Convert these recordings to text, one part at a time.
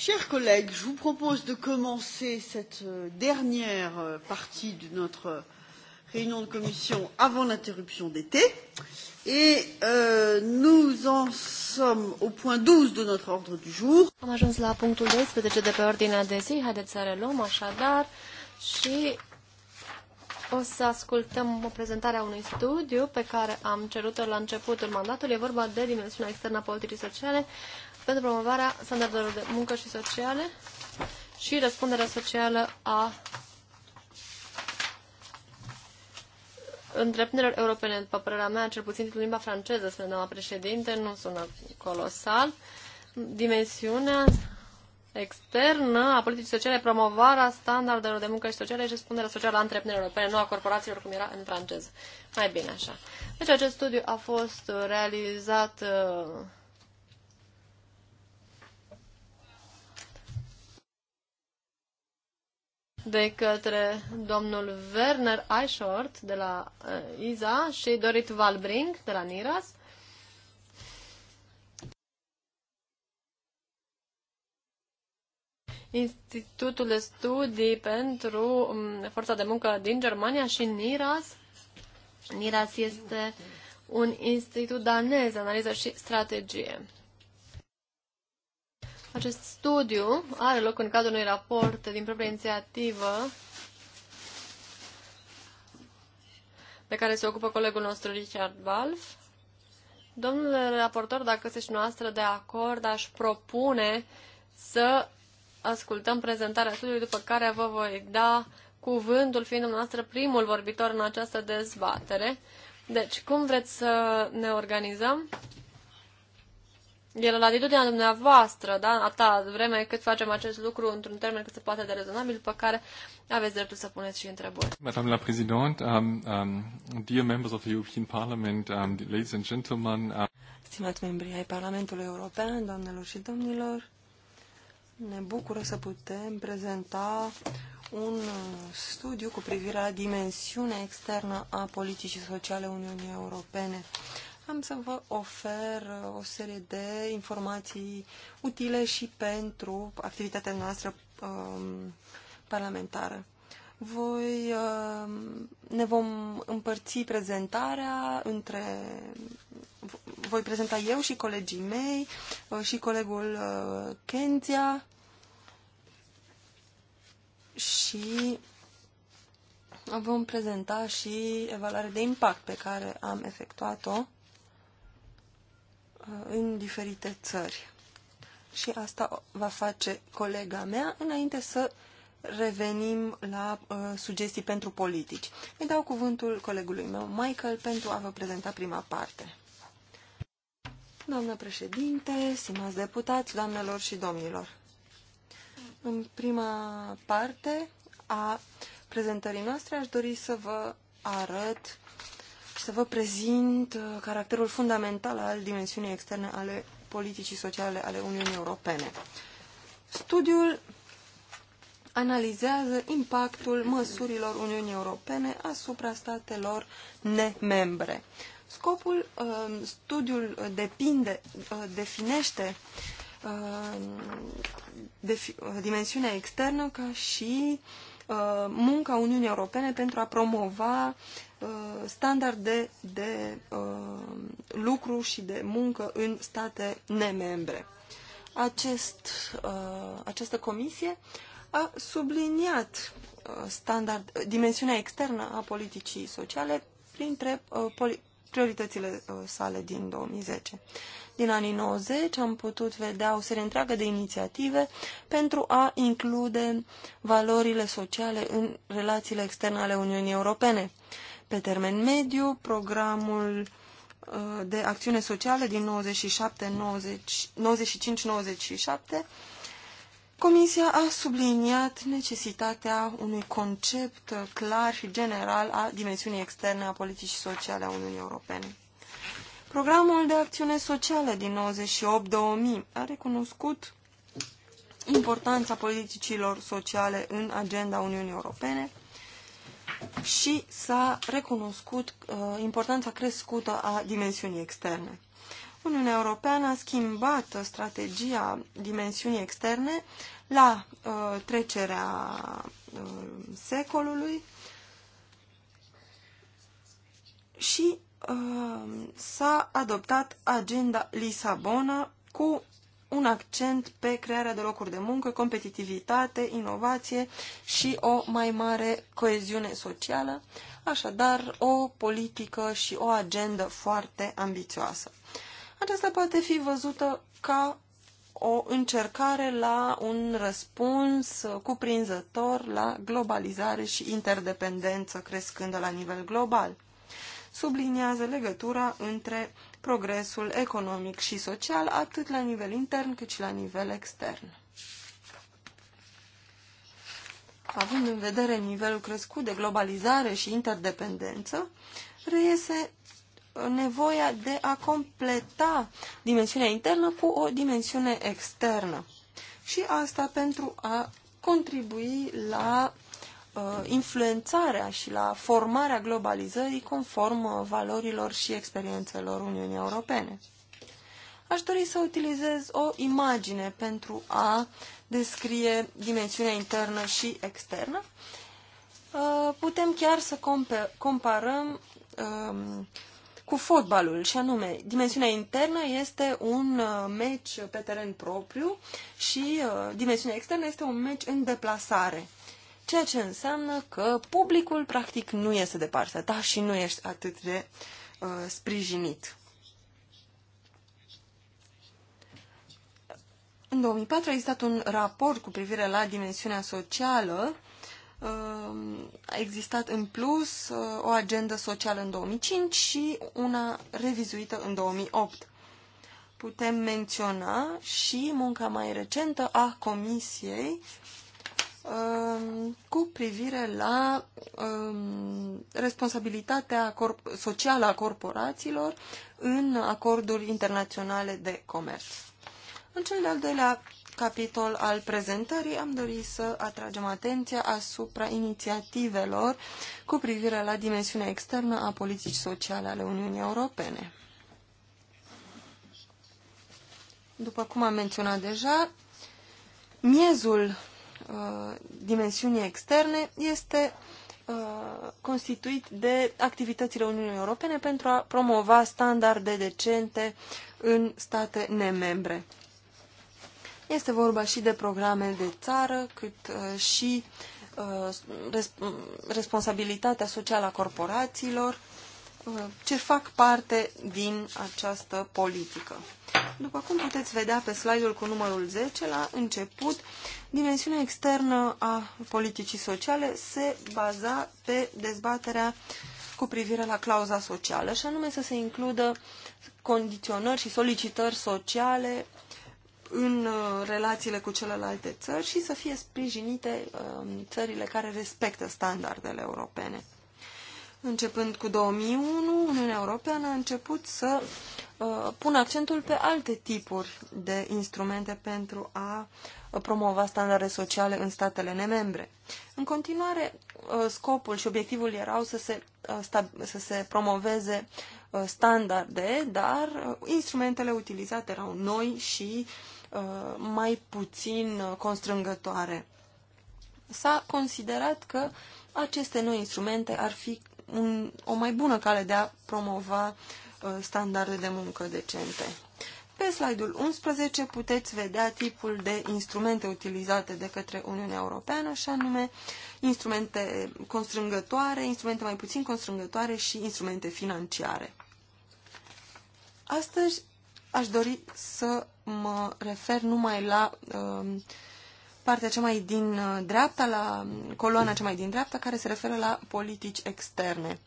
chers collègues je vous propose de commencer cette euh, dernière euh, partie de notre réunion de commission avant l'interruption d'été et euh, nous en sommes au point 12 de notre ordre du jour. Am ajuns la punctul 12 de pe ordinea de zi. Haideți să reluăm așadar și o să ascultăm o prezentare a unui studiu pe care am cerut-o la începutul mandatului. E vorba de dimensiunea externă a politicii sociale pentru promovarea standardelor de muncă și sociale și răspunderea socială a întreprinderilor europene, după părerea mea, cel puțin din limba franceză, spune doamna președinte, nu sună colosal. Dimensiunea externă a politicii sociale, promovarea standardelor de muncă și sociale și răspunderea socială a întreprinderilor europene, nu a corporațiilor, cum era în franceză. Mai bine așa. Deci acest studiu a fost realizat uh, de către domnul Werner Eichhort de la uh, eh, ISA și Dorit Valbring de la NIRAS. Institutul de Studii pentru mm, Forța de Muncă din Germania și NIRAS. NIRAS este un institut danez de analiză și strategie. Acest studiu are loc în cadrul unui raport din propria inițiativă de care se ocupă colegul nostru Richard Balf. Domnule raportor, dacă sunteți noastră de acord, aș propune să ascultăm prezentarea studiului, după care vă voi da cuvântul, fiind dumneavoastră primul vorbitor în această dezbatere. Deci, cum vreți să ne organizăm? E la latitudinea dumneavoastră, da, atâta vreme cât facem acest lucru într-un termen cât se poate de rezonabil, după care aveți dreptul să puneți și întrebări. Madame la Présidente, um, um, dear members of the European Parliament, um, ladies and gentlemen... Um... Stimați membri ai Parlamentului European, doamnelor și domnilor, ne bucură să putem prezenta un uh, studiu cu privire la dimensiunea externă a politicii sociale Uniunii Europene am să vă ofer uh, o serie de informații utile și pentru activitatea noastră um, parlamentară. Voi, um, ne vom împărți prezentarea între... Voi prezenta eu și colegii mei uh, și colegul uh, Kenzia și vom prezenta și evaluarea de impact pe care am efectuat-o Uh, în diferite țări. Și asta va face colega mea înainte să revenim la uh, sugestii pentru politici. Îi dau cuvântul colegului meu, Michael, pentru a vă prezenta prima parte. Doamnă președinte, stimați deputați, doamnelor și domnilor. În prima parte a prezentării noastre aș dori să vă arăt să vă prezint uh, caracterul fundamental al dimensiunii externe ale politicii sociale ale Uniunii Europene. Studiul analizează impactul măsurilor Uniunii Europene asupra statelor nemembre. Scopul, uh, studiul depinde, uh, definește dimensiunea externă ca și munca Uniunii Europene pentru a promova Uh, standarde de uh, lucru și de muncă în state nemembre. Acest, uh, această comisie a subliniat standard, dimensiunea externă a politicii sociale printre prioritățile sale din 2010. Din anii 90 am putut vedea o serie întreagă de inițiative pentru a include valorile sociale în relațiile externe ale Uniunii Europene. Pe termen mediu, programul uh, de acțiune socială din 95-97, Comisia a subliniat necesitatea unui concept clar și general a dimensiunii externe a politicii sociale a Uniunii Europene. Programul de acțiune socială din 98-2000 a recunoscut importanța politicilor sociale în agenda Uniunii Europene și s-a recunoscut uh, importanța crescută a dimensiunii externe. Uniunea Europeană a schimbat strategia dimensiunii externe la uh, trecerea uh, secolului și uh, s-a adoptat agenda Lisabona cu un accent pe crearea de locuri de muncă, competitivitate, inovație și o mai mare coeziune socială, așadar o politică și o agendă foarte ambițioasă. Aceasta poate fi văzută ca o încercare la un răspuns cuprinzător la globalizare și interdependență crescândă la nivel global. Subliniază legătura între progresul economic și social, atât la nivel intern cât și la nivel extern. Având în vedere nivelul crescut de globalizare și interdependență, reiese nevoia de a completa dimensiunea internă cu o dimensiune externă. Și asta pentru a contribui la Uh, influențarea și la formarea globalizării conform uh, valorilor și experiențelor Uniunii Europene. Aș dori să utilizez o imagine pentru a descrie dimensiunea internă și externă. Uh, putem chiar să comparăm um, cu fotbalul, și anume, dimensiunea internă este un meci pe teren propriu și dimensiunea externă este un meci în deplasare ceea ce înseamnă că publicul practic nu iese de partea da, ta și nu ești atât de uh, sprijinit. În 2004 a existat un raport cu privire la dimensiunea socială. Uh, a existat în plus uh, o agendă socială în 2005 și una revizuită în 2008. Putem menționa și munca mai recentă a Comisiei Um, cu privire la um, responsabilitatea socială a corporațiilor în acorduri internaționale de comerț. În cel de-al doilea capitol al prezentării am dorit să atragem atenția asupra inițiativelor cu privire la dimensiunea externă a politicii sociale ale Uniunii Europene. După cum am menționat deja, miezul uh, dimensiunii externe este uh, constituit de activitățile Uniunii Europene pentru a promova standarde decente în state nemembre. Este vorba și de programe de țară, cât uh, și uh, responsabilitatea socială a corporațiilor, ce fac parte din această politică. După cum puteți vedea pe slide-ul cu numărul 10, la început, dimensiunea externă a politicii sociale se baza pe dezbaterea cu privire la clauza socială, și anume să se includă condiționări și solicitări sociale în uh, relațiile cu celelalte țări și să fie sprijinite um, țările care respectă standardele europene. Începând cu 2001, Uniunea Europeană a început să uh, pună accentul pe alte tipuri de instrumente pentru a uh, promova standarde sociale în statele nemembre. În continuare, uh, scopul și obiectivul erau să se, uh, să se promoveze uh, standarde, dar uh, instrumentele utilizate erau noi și mai puțin constrângătoare. S-a considerat că aceste noi instrumente ar fi un, o mai bună cale de a promova uh, standarde de muncă decente. Pe slide-ul 11 puteți vedea tipul de instrumente utilizate de către Uniunea Europeană, și anume instrumente constrângătoare, instrumente mai puțin constrângătoare și instrumente financiare. Astăzi aș dori să mă refer numai la uh, partea cea mai din uh, dreapta, la coloana cea mai din dreapta, care se referă la politici externe.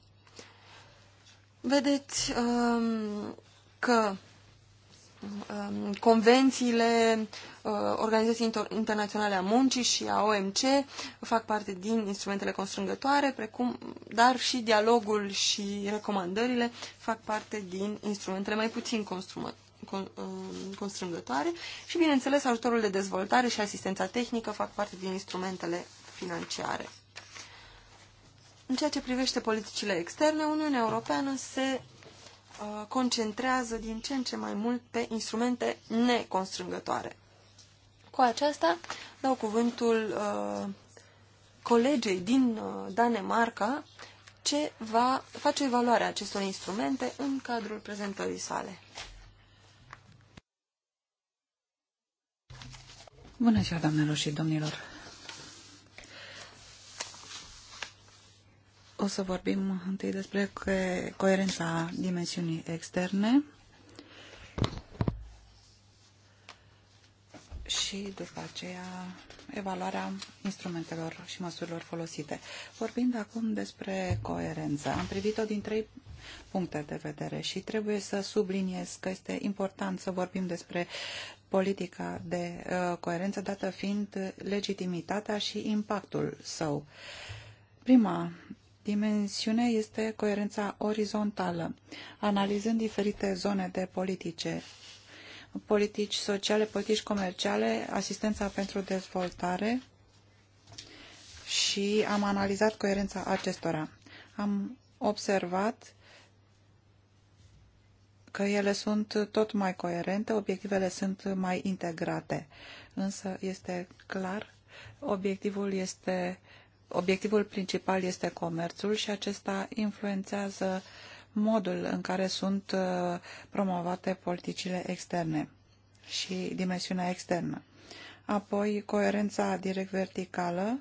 Vedeți um, că um, convențiile uh, Organizației Internaționale a Muncii și a OMC fac parte din instrumentele constrângătoare, precum, dar și dialogul și recomandările fac parte din instrumentele mai puțin Uh, constrângătoare și, bineînțeles, ajutorul de dezvoltare și asistența tehnică fac parte din instrumentele financiare. În ceea ce privește politicile externe, Uniunea Europeană se uh, concentrează din ce în ce mai mult pe instrumente neconstrângătoare. Cu aceasta dau cuvântul uh, colegei din uh, Danemarca ce va face evaluarea acestor instrumente în cadrul prezentării sale. Bună ziua, doamnelor și domnilor! O să vorbim întâi despre coerența dimensiunii externe și după aceea evaluarea instrumentelor și măsurilor folosite. Vorbind acum despre coerență, am privit-o din trei puncte de vedere și trebuie să subliniez că este important să vorbim despre politica de uh, coerență, dată fiind legitimitatea și impactul său. Prima dimensiune este coerența orizontală, analizând diferite zone de politice, politici sociale, politici comerciale, asistența pentru dezvoltare și am analizat coerența acestora. Am observat că ele sunt tot mai coerente, obiectivele sunt mai integrate. Însă este clar, obiectivul este obiectivul principal este comerțul și acesta influențează modul în care sunt uh, promovate politicile externe și dimensiunea externă. Apoi, coerența direct verticală,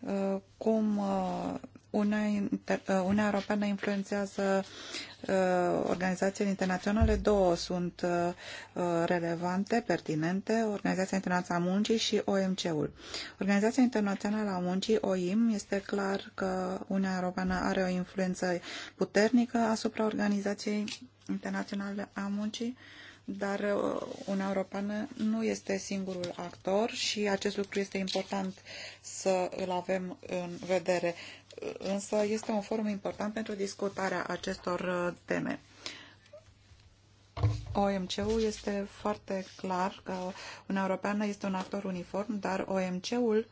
uh, cum uh, Uh, Uniunea Europeană influențează uh, organizațiile internaționale, două sunt uh, uh relevante, pertinente, Organizația Internațională a Muncii și OMC-ul. Organizația Internațională a Muncii, OIM, este clar că Uniunea Europeană are o influență puternică asupra Organizației Internaționale a Muncii, dar uh, Uniunea Europeană nu este singurul actor și acest lucru este important să îl avem în vedere însă este un forum important pentru discutarea acestor uh, teme. OMC-ul este foarte clar că Uniunea Europeană este un actor uniform, dar OMC-ul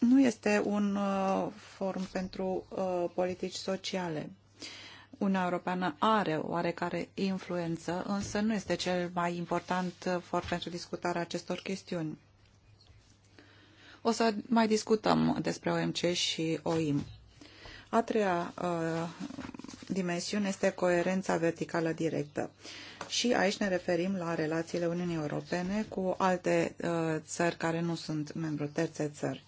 nu este un uh, forum pentru uh, politici sociale. Uniunea Europeană are oarecare influență, însă nu este cel mai important uh, for pentru discutarea acestor chestiuni. O să mai discutăm despre OMC și OIM. A treia uh, dimensiune este coerența verticală directă. Și aici ne referim la relațiile Uniunii Europene cu alte uh, țări care nu sunt membru terțe țări.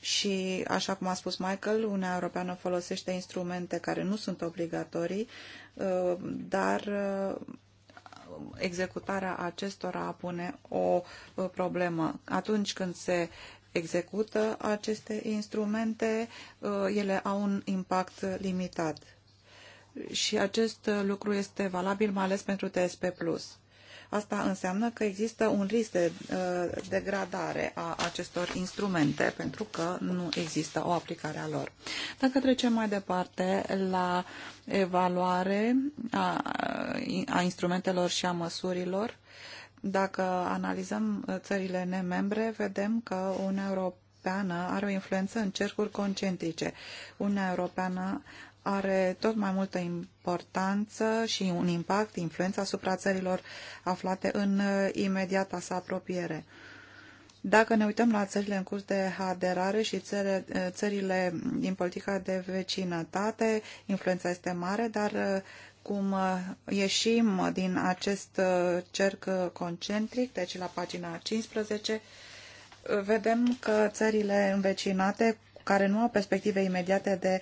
Și, așa cum a spus Michael, Uniunea Europeană folosește instrumente care nu sunt obligatorii, uh, dar uh, executarea acestora pune o uh, problemă. Atunci când se execută aceste instrumente, uh, ele au un impact limitat. Și acest lucru este valabil mai ales pentru TSP+. Asta înseamnă că există un risc de uh, degradare a acestor instrumente pentru că nu există o aplicare a lor. Dacă trecem mai departe la evaluare a, a instrumentelor și a măsurilor, dacă analizăm uh, țările nemembre, vedem că Uniunea Europeană are o influență în cercuri concentrice. Uniunea Europeană are tot mai multă importanță și un impact, influența asupra țărilor aflate în uh, imediata sa apropiere. Dacă ne uităm la țările în curs de aderare și țările, uh, țările din politica de vecinătate, influența este mare, dar cum uh, ieșim din acest uh, cerc uh, concentric, deci la pagina 15, vedem că țările învecinate care nu au perspective imediate de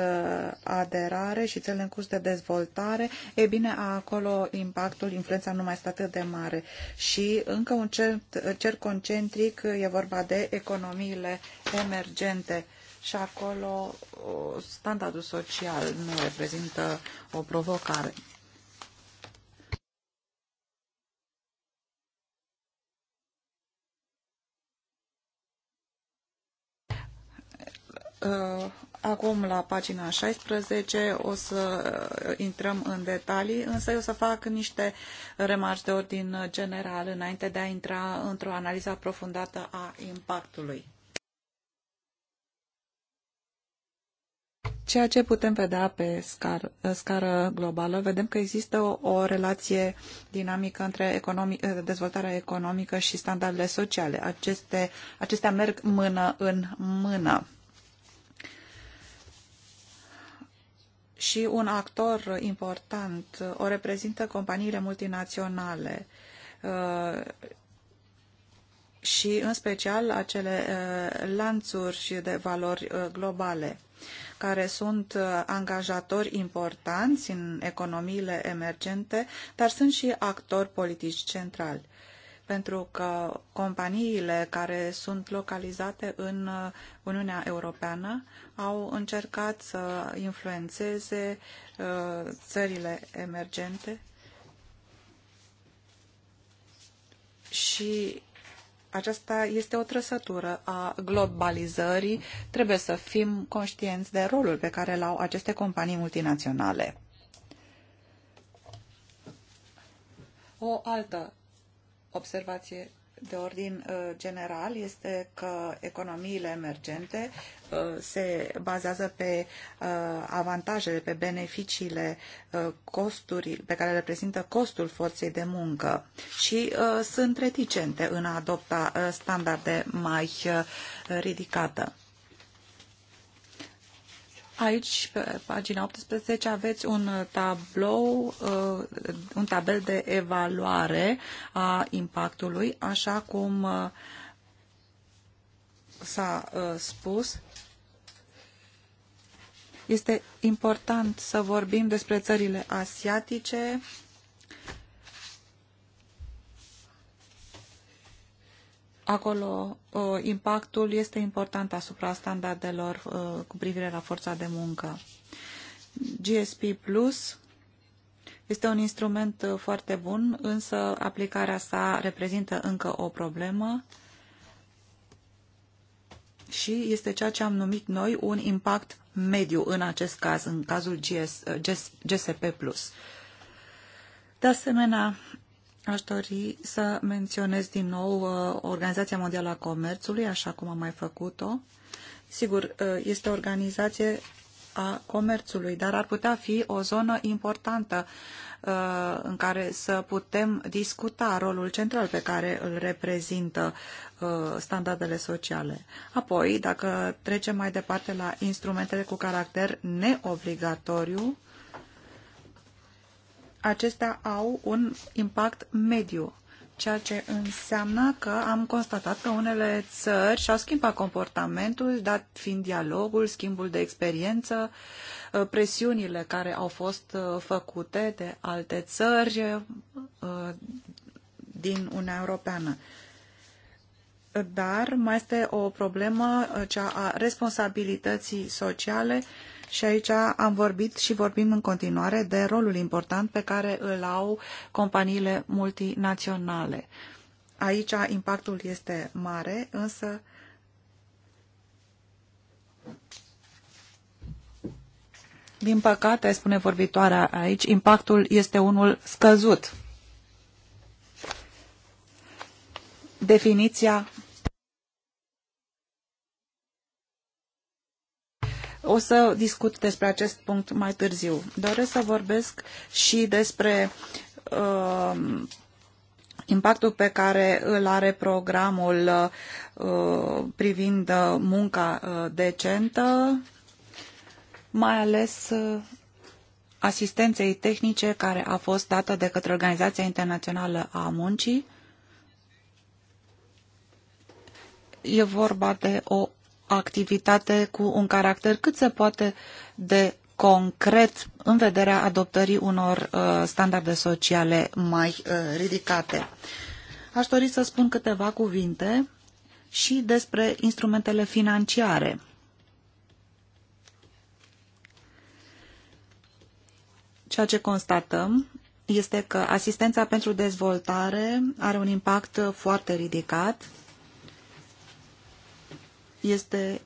uh, aderare și țările în curs de dezvoltare, e bine, acolo impactul, influența nu mai este atât de mare. Și încă un cer, cer concentric e vorba de economiile emergente și acolo standardul social nu reprezintă o provocare. Ă, acum, la pagina 16, o să intrăm în detalii, însă eu o să fac niște remarci de ordin general înainte de a intra într-o analiză aprofundată a impactului. Ceea ce putem vedea pe scar, scară globală, vedem că există o, o relație dinamică între economi, dezvoltarea economică și standardele sociale. Aceste, acestea merg mână în mână. Și un actor important o reprezintă companiile multinaționale uh, și în special acele uh, lanțuri de valori uh, globale care sunt uh, angajatori importanți în economiile emergente, dar sunt și actori politici centrali. Pentru că companiile care sunt localizate în uh, Uniunea Europeană au încercat să influențeze uh, țările emergente și aceasta este o trăsătură a globalizării. Trebuie să fim conștienți de rolul pe care îl au aceste companii multinaționale. O altă observație de ordin uh, general este că economiile emergente uh, se bazează pe uh, avantajele, pe beneficiile costuri, pe care reprezintă costul forței de muncă și sunt reticente în a adopta standarde mai ridicate. Aici, pe pagina 18, aveți un tablou, uh, un tabel de evaluare a impactului, așa cum uh, s-a uh, spus. Este important să vorbim despre țările asiatice, acolo uh, impactul este important asupra standardelor uh, cu privire la forța de muncă. GSP Plus este un instrument uh, foarte bun, însă aplicarea sa reprezintă încă o problemă și este ceea ce am numit noi un impact mediu în acest caz, în cazul GS, GS, GSP+. De asemenea, Aș dori să menționez din nou uh, Organizația Mondială a Comerțului, așa cum am mai făcut-o. Sigur, uh, este o organizație a comerțului, dar ar putea fi o zonă importantă uh, în care să putem discuta rolul central pe care îl reprezintă standardele sociale. Apoi, dacă trecem mai departe la instrumentele cu caracter neobligatoriu, acestea au un impact mediu, ceea ce înseamnă că am constatat că unele țări și-au schimbat comportamentul, dat fiind dialogul, schimbul de experiență, uh, presiunile care au fost uh, făcute de alte țări uh, din Uniunea Europeană dar mai este o problemă, cea a responsabilității sociale și aici am vorbit și vorbim în continuare de rolul important pe care îl au companiile multinaționale. Aici impactul este mare, însă Din păcate, spune vorbitoarea aici, impactul este unul scăzut. Definiția O să discut despre acest punct mai târziu. Doresc să vorbesc și despre uh, impactul pe care îl are programul uh, privind uh, munca uh, decentă, mai ales uh, asistenței tehnice care a fost dată de către Organizația Internațională a Muncii. E vorba de o activitate cu un caracter cât se poate de concret în vederea adoptării unor uh, standarde sociale mai uh, ridicate. Aș dori să spun câteva cuvinte și despre instrumentele financiare. Ceea ce constatăm este că asistența pentru dezvoltare are un impact foarte ridicat este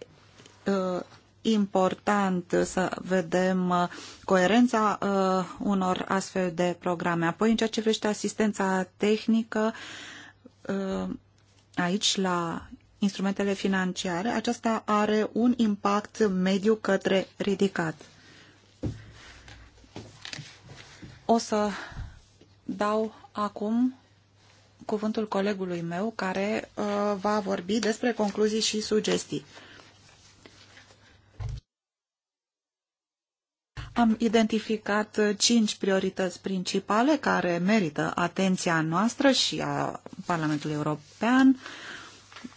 uh, important să vedem uh, coerența uh, unor astfel de programe. Apoi, în ceea ce privește asistența tehnică, aici la instrumentele financiare, aceasta are un impact mediu către ridicat. O să dau acum cuvântul colegului meu care uh, va vorbi despre concluzii și sugestii. Am identificat uh, cinci priorități principale care merită atenția noastră și a Parlamentului European.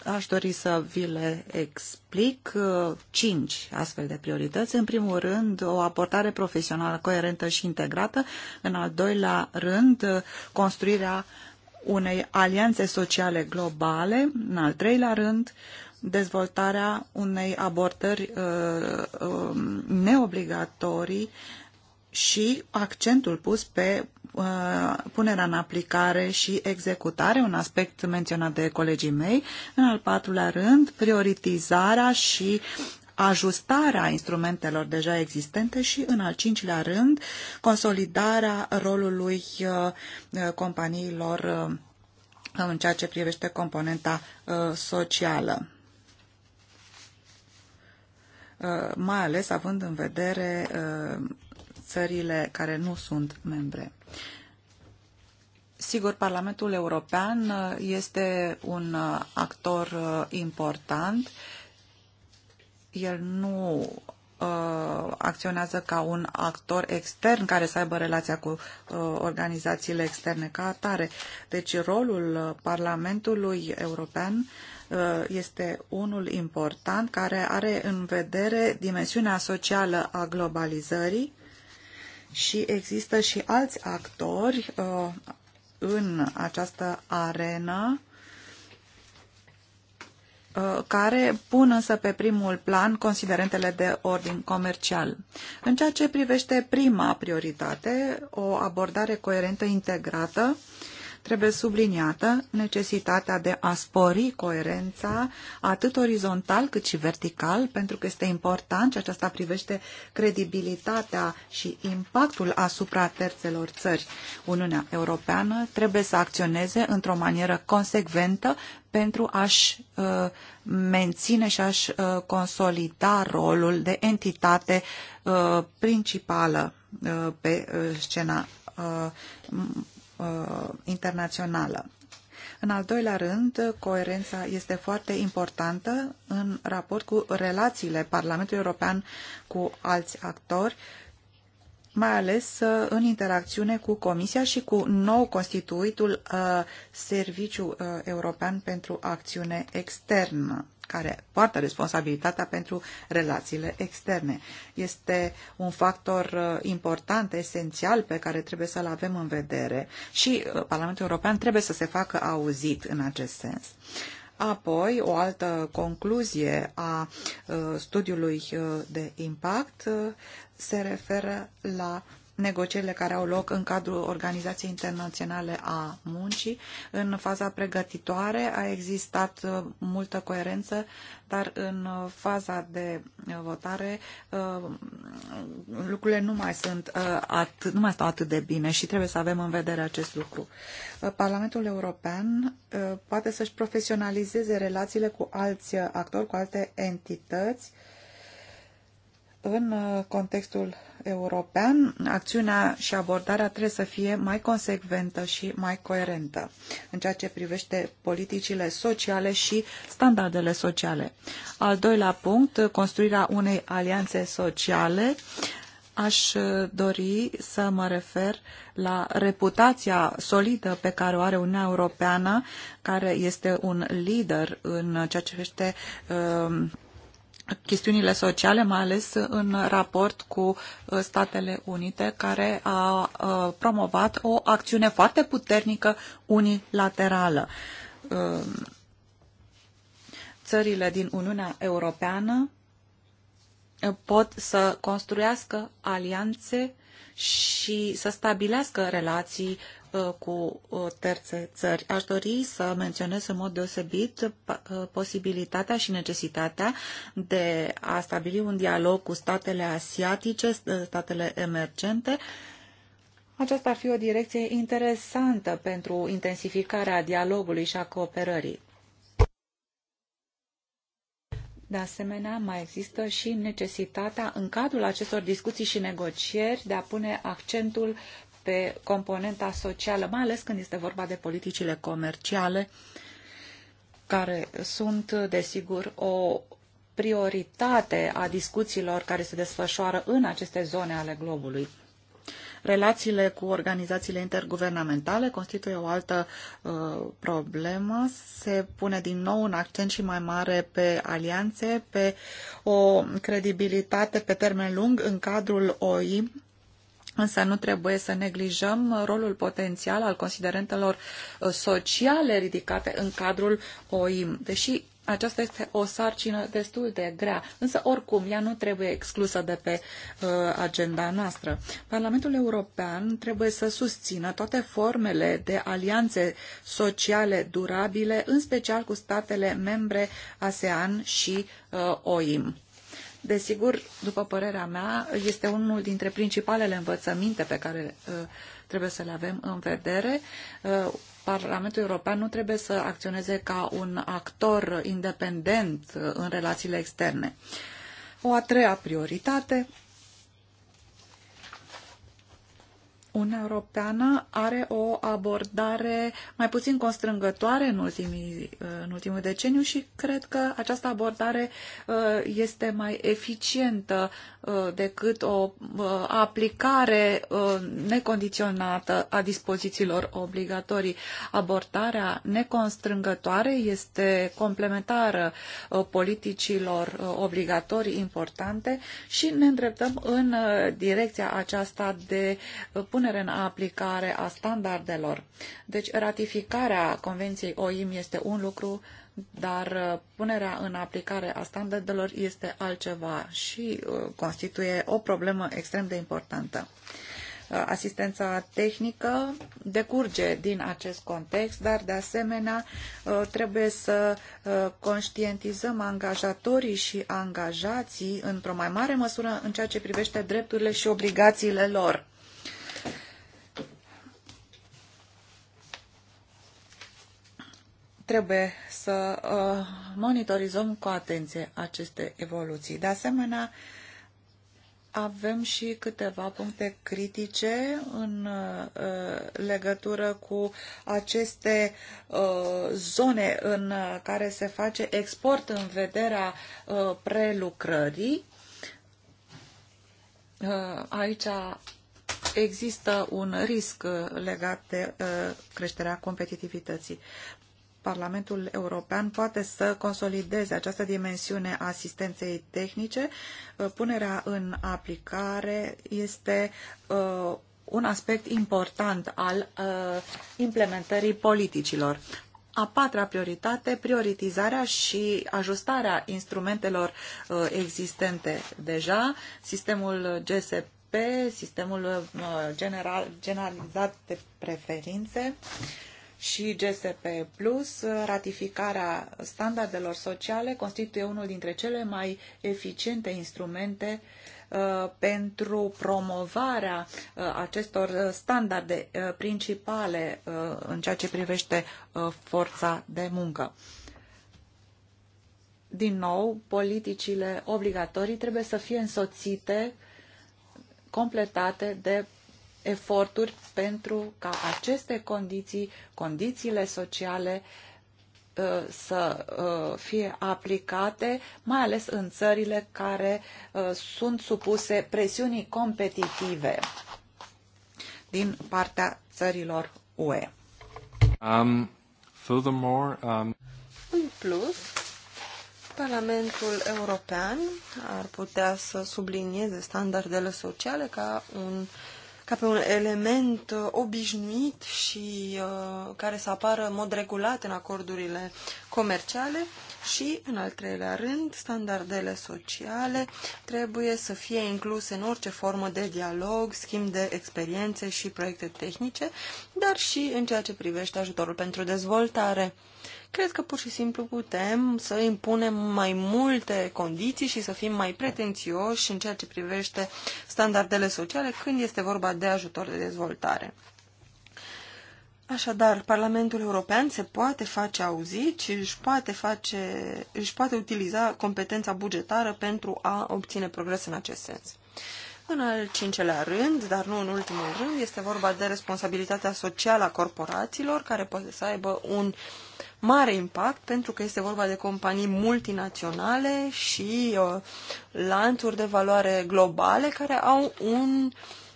Aș dori să vi le explic uh, cinci astfel de priorități. În primul rând, o abordare profesională coerentă și integrată. În al doilea rând, uh, construirea uh, unei alianțe sociale globale, în al treilea rând, dezvoltarea unei abordări uh, uh, neobligatorii și accentul pus pe uh, punerea în aplicare și executare, un aspect menționat de colegii mei. În al patrulea rând, prioritizarea și ajustarea instrumentelor deja existente și, în al cincilea rând, consolidarea rolului uh, uh, companiilor uh, în ceea ce privește componenta socială mai ales având în vedere țările care nu sunt membre. Sigur, Parlamentul European este un actor important el nu uh, acționează ca un actor extern care să aibă relația cu uh, organizațiile externe ca atare. Deci rolul uh, Parlamentului European uh, este unul important care are în vedere dimensiunea socială a globalizării și există și alți actori uh, în această arenă uh, Uh, care pun însă pe primul plan considerentele de ordin comercial. În ceea ce privește prima prioritate, o abordare coerentă integrată, uh, trebuie subliniată necesitatea de a spori coerența atât orizontal cât și vertical, pentru că este important și aceasta privește credibilitatea și impactul asupra terțelor țări. Uniunea Europeană trebuie să acționeze într-o manieră consecventă pentru a-și uh, menține și a-și uh, consolida rolul de entitate uh, principală uh, pe uh, scena uh, uh, internațională. În al doilea rând, coerența este foarte importantă în raport cu relațiile Parlamentului European cu alți actori, mai ales uh, în interacțiune cu Comisia și cu nou constituitul uh, Serviciu uh, European pentru Acțiune Externă care poartă responsabilitatea pentru relațiile externe. Este un factor uh, important, esențial, pe care trebuie să-l avem în vedere și uh, Parlamentul European trebuie să se facă auzit în acest sens. Apoi, o altă concluzie a uh, studiului de impact se referă la negocierile care au loc în cadrul Organizației Internaționale a Muncii. În faza pregătitoare a existat uh, multă coerență, dar în uh, faza de uh, votare lucrurile nu mai, sunt atât, nu mai stau atât de bine și trebuie să avem în vedere acest lucru. Parlamentul European poate să-și profesionalizeze relațiile cu alți actori, cu alte entități, în contextul european, acțiunea și abordarea trebuie să fie mai consecventă și mai coerentă în ceea ce privește politicile sociale și standardele sociale. Al doilea punct, construirea unei alianțe sociale. Aș dori să mă refer la reputația solidă pe care o are Uniunea Europeană, care este un lider în ceea ce privește uh, chestiunile sociale, mai ales în raport cu uh, Statele Unite, care a uh, promovat o acțiune foarte puternică unilaterală. Um, țările din Uniunea Europeană uh, pot să construiască alianțe și să stabilească relații uh, cu uh, terțe țări. Aș dori să menționez în mod deosebit uh, posibilitatea și necesitatea de a stabili un dialog cu statele asiatice, statele emergente. Aceasta ar fi o direcție interesantă pentru intensificarea dialogului și a cooperării. De asemenea, mai există și necesitatea, în cadrul acestor discuții și negocieri, de a pune accentul pe componenta socială, mai ales când este vorba de politicile comerciale, care sunt, desigur, o prioritate a discuțiilor care se desfășoară în aceste zone ale globului. Relațiile cu organizațiile interguvernamentale constituie o altă uh, problemă. Se pune din nou un accent și mai mare pe alianțe, pe o credibilitate pe termen lung în cadrul OI Însă nu trebuie să neglijăm rolul potențial al considerentelor uh, sociale ridicate în cadrul OIM. Deși aceasta este o sarcină destul de grea, însă oricum ea nu trebuie exclusă de pe uh, agenda noastră. Parlamentul European trebuie să susțină toate formele de alianțe sociale durabile, în special cu statele membre ASEAN și uh, OIM. Desigur, după părerea mea, este unul dintre principalele învățăminte pe care uh, trebuie să le avem în vedere. Uh, Parlamentul European nu trebuie să acționeze ca un actor independent uh, în relațiile externe. O a treia prioritate Uniunea Europeană are o abordare mai puțin constrângătoare în, ultimii, în ultimul deceniu și cred că această abordare uh, este mai eficientă uh, decât o uh, aplicare necondiționată a dispozițiilor obligatorii. Abordarea neconstrângătoare este complementară politicilor obligatorii importante și ne îndreptăm în direcția aceasta de pune punere în aplicare a standardelor. Deci ratificarea Convenției OIM este un lucru, dar uh, punerea în aplicare a standardelor este altceva și uh, constituie o problemă extrem de importantă. Uh, asistența tehnică decurge din acest context, dar de asemenea trebuie să conștientizăm angajatorii și angajații într-o mai mare măsură în ceea ce privește drepturile și obligațiile lor. trebuie să uh, monitorizăm cu atenție aceste evoluții. De asemenea, avem și câteva puncte critice în uh, legătură cu aceste uh, zone în care se face export în vederea prelucrării. Aici există un risc legat de creșterea competitivității. Parlamentul European poate să consolideze această dimensiune a asistenței tehnice. Uh, punerea în aplicare este uh, un aspect important al uh, implementării politicilor. A patra prioritate, prioritizarea și ajustarea instrumentelor existente deja. Sistemul GSP pe sistemul general, generalizat de preferințe și GSP+, Plus, ratificarea standardelor sociale constituie unul dintre cele mai eficiente instrumente uh, pentru promovarea uh, acestor standarde uh, principale în ceea ce privește forța de muncă. Din nou, politicile obligatorii trebuie să fie însoțite, completate de eforturi pentru ca aceste condiții, condițiile sociale, uh, să uh, fie aplicate, mai ales în țările care uh, sunt supuse presiunii competitive din partea țărilor UE. Um, furthermore, um... În plus, Parlamentul European ar putea să sublinieze standardele sociale ca un uh, ca pe un element uh, obișnuit și uh, care să apară în mod regulat în acordurile comerciale și, în al treilea rând, standardele sociale trebuie să fie incluse în orice formă de dialog, schimb de experiențe și proiecte tehnice, dar și în ceea ce privește ajutorul pentru dezvoltare. Cred că pur și simplu putem să impunem mai multe condiții și să fim mai pretențioși în ceea ce privește standardele sociale când este vorba de ajutor de dezvoltare. Așadar, Parlamentul European se poate face auzit și își poate, face, își poate utiliza competența bugetară pentru a obține progres în acest sens. În al cincelea rând, dar nu în ultimul rând, este vorba de responsabilitatea socială a corporațiilor, care poate să aibă un mare impact, pentru că este vorba de companii multinaționale și uh, lanțuri de valoare globale care au un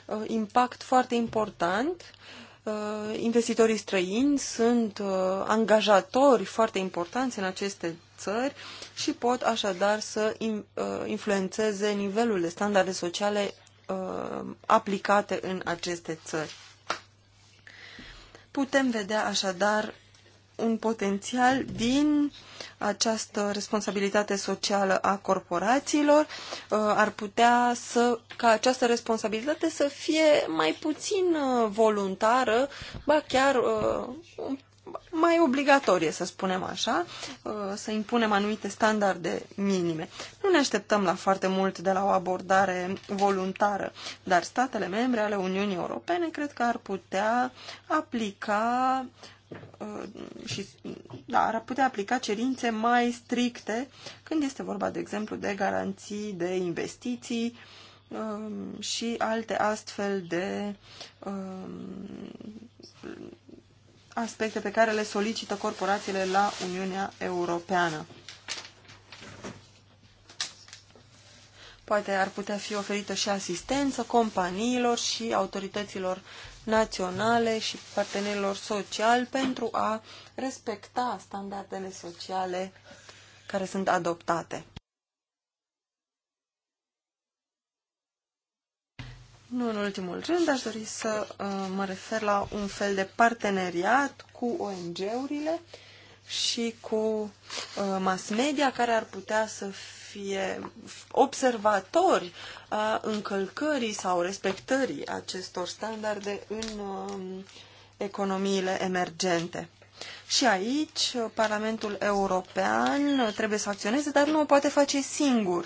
uh, impact foarte important. Uh, investitorii străini sunt uh, angajatori foarte importanți în aceste țări și pot așadar să uh, influențeze nivelul de standarde sociale uh, aplicate în aceste țări. Putem vedea așadar un potențial din această responsabilitate socială a corporațiilor uh, ar putea să, ca această responsabilitate să fie mai puțin voluntară, ba chiar un mai obligatorie, să spunem așa, uh, să impunem anumite standarde minime. Nu ne așteptăm la foarte mult de la o abordare voluntară, dar statele membre ale Uniunii Europene cred că ar putea aplica uh, și da, ar putea aplica cerințe mai stricte când este vorba, de exemplu, de garanții de investiții um, și alte astfel de um, aspecte pe care le solicită corporațiile la Uniunea Europeană. Poate ar putea fi oferită și asistență companiilor și autorităților naționale și partenerilor sociali pentru a respecta standardele sociale care sunt adoptate. Nu în ultimul rând, aș dori să uh, mă refer la un fel de parteneriat cu ONG-urile și cu uh, mass media care ar putea să fie observatori a uh, încălcării sau respectării acestor standarde în uh, economiile emergente. Și aici uh, Parlamentul European trebuie să acționeze, dar nu o poate face singur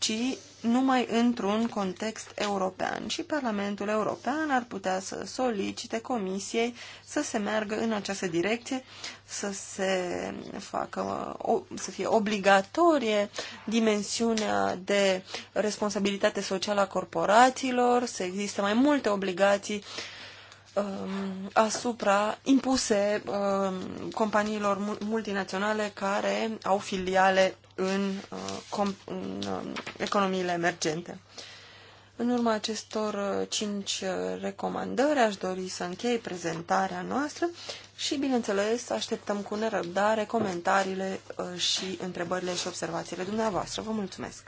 ci numai într-un context european și Parlamentul European ar putea să solicite Comisiei să se meargă în această direcție, să se facă, să fie obligatorie dimensiunea de responsabilitate socială a corporațiilor, să existe mai multe obligații uh, Um, asupra impuse um, companiilor multinaționale care au filiale în, uh, în um, economiile emergente. În urma acestor uh, cinci uh, recomandări aș dori să închei prezentarea noastră și, bineînțeles, așteptăm cu nerăbdare comentariile și întrebările și observațiile dumneavoastră. Vă mulțumesc!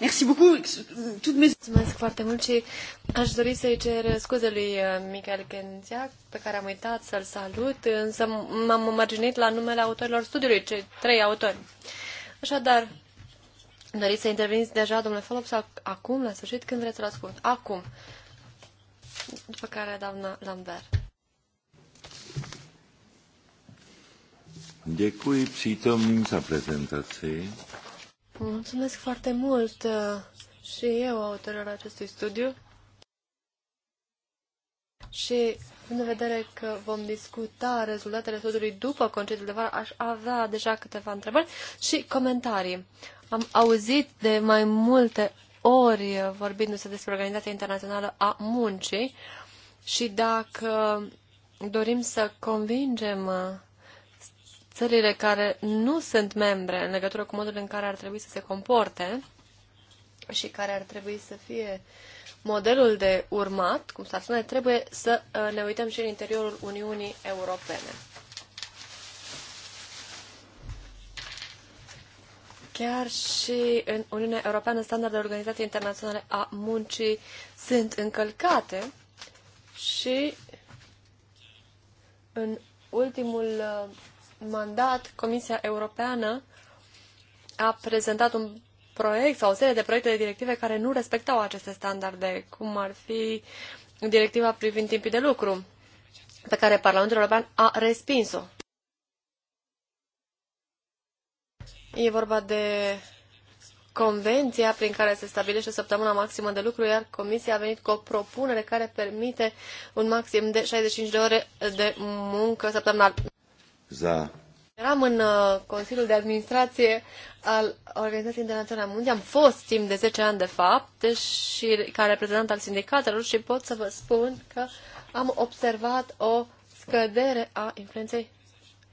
Merci beaucoup. Toutes mes... Mulțumesc foarte mult și aș dori să-i cer scuze lui uh, Michael Kenziac, pe care am uitat să-l salut, însă m-am mărginit la numele autorilor studiului, cei trei autori. Așadar, doriți să interveniți deja, domnule Folop, sau acum, la sfârșit, când vreți să-l ascult? Acum. După care, doamna Lambert. Děkuji přítomným să prezentaci. Mulțumesc foarte mult uh, și eu, autorul acestui studiu. Și în vedere că vom discuta rezultatele studiului după concediul de vară, aș avea deja câteva întrebări și comentarii. Am auzit de mai multe ori vorbindu-se despre Organizația Internațională a Muncii și dacă dorim să convingem uh, țările care nu sunt membre în legătură cu modul în care ar trebui să se comporte și care ar trebui să fie modelul de urmat, cum s-ar spune, trebuie să uh, ne uităm și în interiorul Uniunii Europene. Chiar și în Uniunea Europeană, standardele Organizației Internaționale a Muncii sunt încălcate și în ultimul uh, mandat, Comisia Europeană a prezentat un proiect sau o serie de proiecte de directive care nu respectau aceste standarde, cum ar fi directiva privind timpii de lucru, pe care Parlamentul European a respins-o. E vorba de convenția prin care se stabilește săptămâna maximă de lucru, iar Comisia a venit cu o propunere care permite un maxim de 65 de ore de muncă săptămânal za... Eram în uh, Consiliul de Administrație al Organizației Internaționale a Mondiale. Am fost timp de 10 ani, de fapt, și ca reprezentant al sindicatelor și pot să vă spun că am observat o scădere a influenței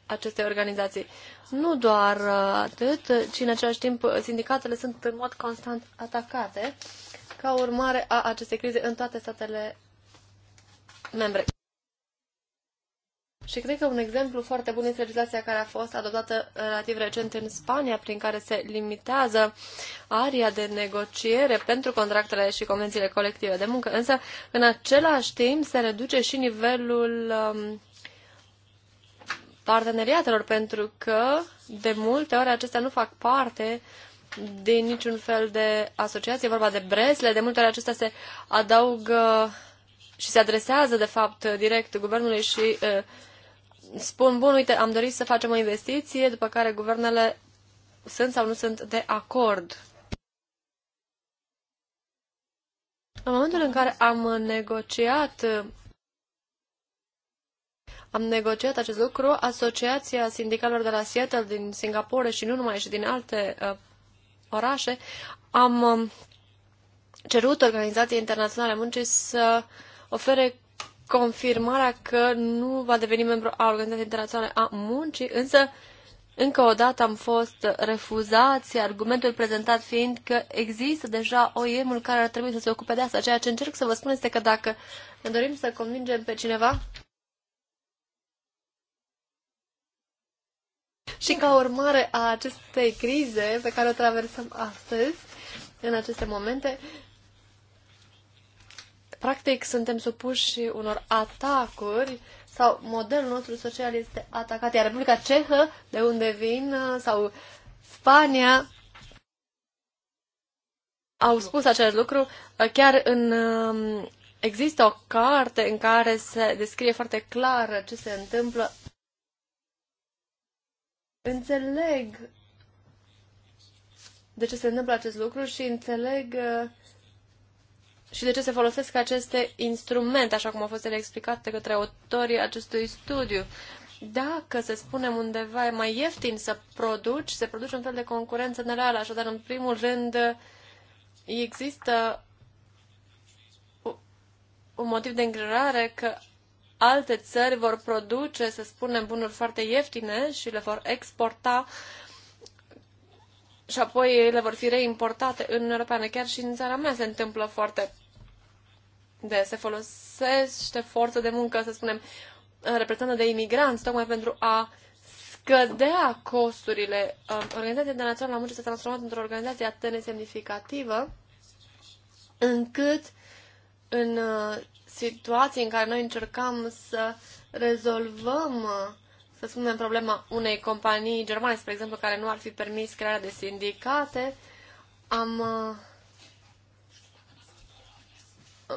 acestei organizații. Nu doar uh, atât, ci în același timp sindicatele sunt în mod constant atacate ca urmare a acestei crize în toate statele membre. Și cred că un exemplu foarte bun este legislația care a fost adoptată relativ recent în Spania, prin care se limitează aria de negociere pentru contractele și convențiile colective de muncă, însă în același timp se reduce și nivelul um, parteneriatelor, pentru că de multe ori acestea nu fac parte din niciun fel de asociație, e vorba de brezle, de multe ori acestea se adaugă și se adresează, de fapt, direct guvernului și uh, spun, bun, uite, am dorit să facem o investiție, după care guvernele sunt sau nu sunt de acord. În momentul în care am negociat am negociat acest lucru, Asociația Sindicalelor de la Seattle din Singapore și nu numai, și din alte uh, orașe, am um, cerut Organizației Internaționale a Muncii să ofere confirmarea că nu va deveni membru a Organizației Internaționale a Muncii, însă încă o dată am fost refuzați, argumentul prezentat fiind că există deja OIM-ul care ar trebui să se ocupe de asta. Ceea ce încerc să vă spun este că dacă ne dorim să convingem pe cineva și ca urmare a acestei crize pe care o traversăm astăzi, în aceste momente, Practic, suntem supuși unor atacuri sau modelul nostru social este atacat. Iar Republica Cehă, de unde vin, sau Spania, au spus acest lucru. Chiar în, um, există o carte în care se descrie foarte clar ce se întâmplă. Înțeleg de ce se întâmplă acest lucru și înțeleg uh, și de ce se folosesc aceste instrumente, așa cum au fost ele explicate către autorii acestui studiu. Dacă, să spunem, undeva e mai ieftin să produci, se produce un fel de concurență generală, așadar, în primul rând, există un motiv de îngrijorare că alte țări vor produce, să spunem, bunuri foarte ieftine și le vor exporta și apoi ele vor fi reimportate în Europeană. Chiar și în țara mea se întâmplă foarte de se folosește forță de muncă, să spunem, reprezentată de imigranți, tocmai pentru a scădea costurile. Um, Organizația Internațională a Muncii s-a transformat într-o organizație atât de semnificativă, încât în uh, situații în care noi încercam să rezolvăm, uh, să spunem, problema unei companii germane, spre exemplu, care nu ar fi permis crearea de sindicate, am uh,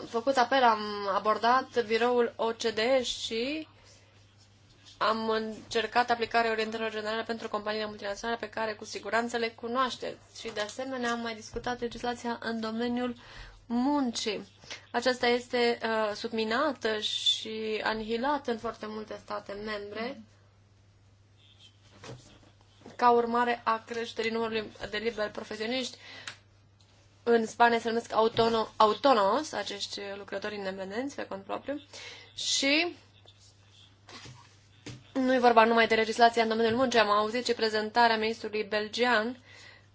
făcut apel, am abordat biroul OCD și am încercat aplicarea orientărilor generale pentru companiile multinaționale pe care cu siguranță le cunoașteți. Și de asemenea am mai discutat legislația în domeniul muncii. Aceasta este uh, subminată și anihilată în foarte multe state membre ca urmare a creșterii numărului de liberi profesioniști în Spania se numesc autonos, acești lucrători independenți pe cont propriu, și nu e vorba numai de legislația în domeniul muncii, am auzit și prezentarea ministrului belgian,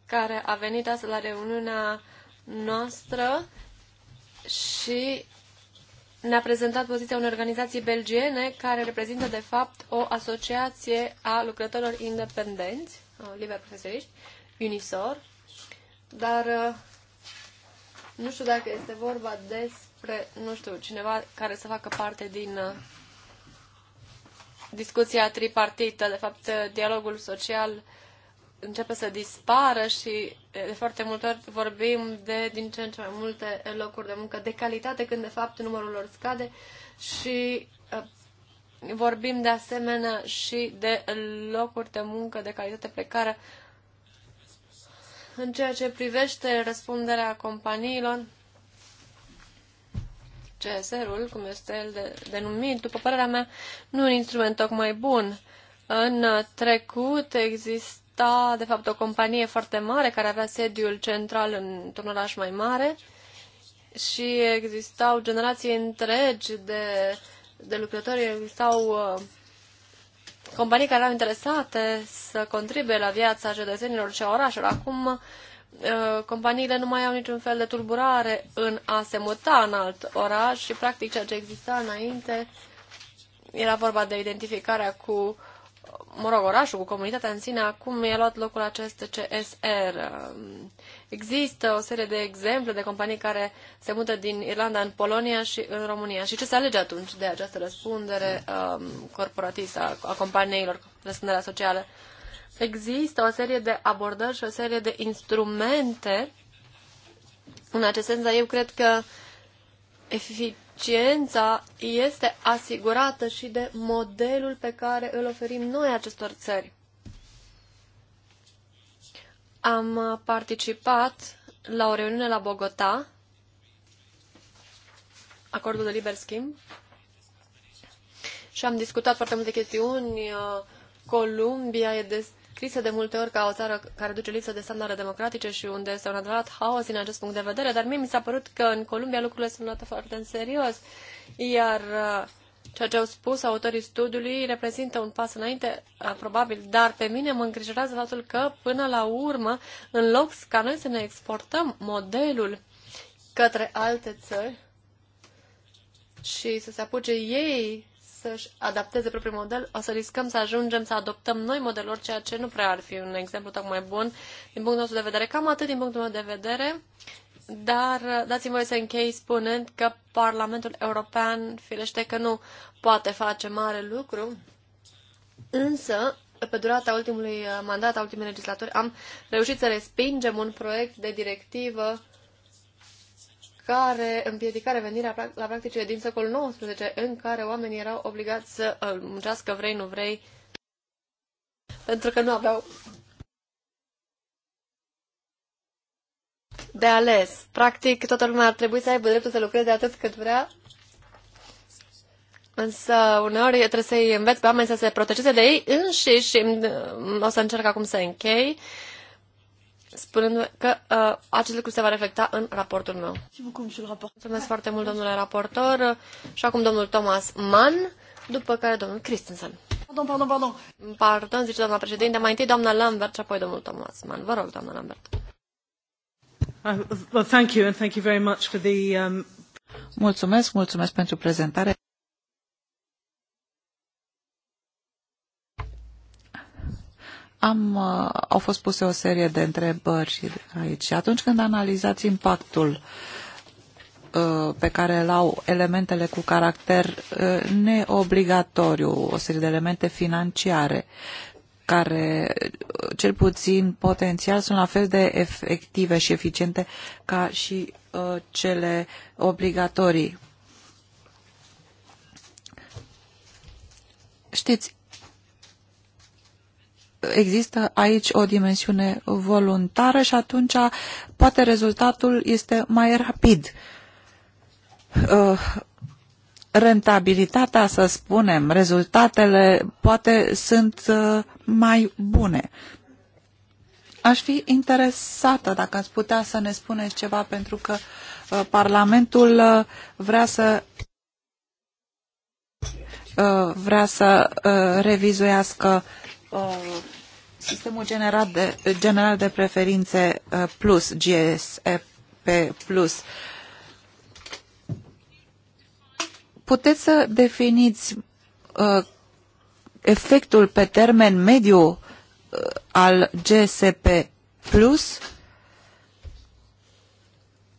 care a venit astăzi la reuniunea noastră și ne-a prezentat poziția unei organizații belgiene care reprezintă, de fapt, o asociație a lucrătorilor independenți, liber profesioniști, Unisor, dar nu știu dacă este vorba despre, nu știu, cineva care să facă parte din uh, discuția tripartită. De fapt, uh, dialogul social începe să dispară și uh, de foarte multe ori vorbim de din ce în ce mai multe locuri de muncă de calitate, când de fapt numărul lor scade și vorbim de asemenea și de locuri de muncă de calitate precară, în ceea ce privește răspunderea companiilor, CSR-ul, cum este el de, denumit, după părerea mea, nu un instrument tocmai bun. În trecut exista, de fapt, o companie foarte mare care avea sediul central într-un oraș mai mare și existau generații întregi de, de lucrători, existau uh, companii care erau interesate să contribuie la viața cetățenilor și a orașelor. Acum uh, companiile nu mai au niciun fel de tulburare în a se muta în alt oraș și practic ceea ce exista înainte era vorba de identificarea cu mă rog, orașul cu comunitatea în sine, acum i-a luat locul acest CSR. Există o serie de exemple de companii care se mută din Irlanda în Polonia și în România. Și ce se alege atunci de această răspundere um, corporatistă a, a companiilor, răspunderea socială? Există o serie de abordări și o serie de instrumente. În acest sens, dar eu cred că efic eficiența este asigurată și de modelul pe care îl oferim noi acestor țări. Am participat la o reuniune la Bogota, acordul de liber schimb, și am discutat foarte multe chestiuni. Uh, Columbia e des, descrisă de multe ori ca o țară care duce lipsă de standarde democratice și unde este un adevărat haos din acest punct de vedere, dar mie mi s-a părut că în Columbia lucrurile sunt luate foarte în serios, iar uh, ceea ce au spus autorii studiului reprezintă un pas înainte, uh, probabil, dar pe mine mă îngrijorează faptul că, până la urmă, în loc ca noi să ne exportăm modelul către alte țări și să se apuce ei să-și adapteze propriul model, o să riscăm să ajungem să adoptăm noi modeluri, ceea ce nu prea ar fi un exemplu tocmai bun din punctul nostru de vedere. Cam atât din punctul meu de vedere, dar uh, dați-mi voie să închei spunând că Parlamentul European, firește că nu poate face mare lucru, însă pe durata ultimului uh, mandat, a ultimei legislaturi, am reușit să respingem un proiect de directivă care împiedica revenirea la practicile din secolul XIX, în care oamenii erau obligați să uh, muncească vrei, nu vrei, pentru că nu aveau de ales. Practic, toată lumea ar trebui să aibă dreptul să lucreze atât cât vrea, însă uneori trebuie să-i înveți pe oameni să se protejeze de ei înșiși. Mm, o să încerc acum să închei spunând că uh, acest lucru se va reflecta în raportul meu. Mulțumesc foarte mult, domnule raportor, și acum domnul Thomas Mann, după care domnul Christensen. Pardon, pardon, pardon. Pardon, zice doamna președinte, mai întâi doamna Lambert și apoi domnul Thomas Mann. Vă rog, doamna Lambert. Uh, um, mulțumesc, mulțumesc pentru prezentare. Am, uh, au fost puse o serie de întrebări aici. Atunci când analizați impactul uh, pe care îl au elementele cu caracter uh, neobligatoriu, o serie de elemente financiare, care cel puțin potențial sunt la fel de efective și eficiente ca și uh, cele obligatorii. Știți, există aici o dimensiune voluntară și atunci poate rezultatul este mai rapid. Uh, rentabilitatea, să spunem, rezultatele poate sunt uh, mai bune. Aș fi interesată dacă ați putea să ne spuneți ceva, pentru că uh, Parlamentul vrea să vrea să revizuiască Uh, sistemul general de, general de preferințe uh, plus, GSEP plus. Puteți să definiți uh, efectul pe termen mediu uh, al GSP plus?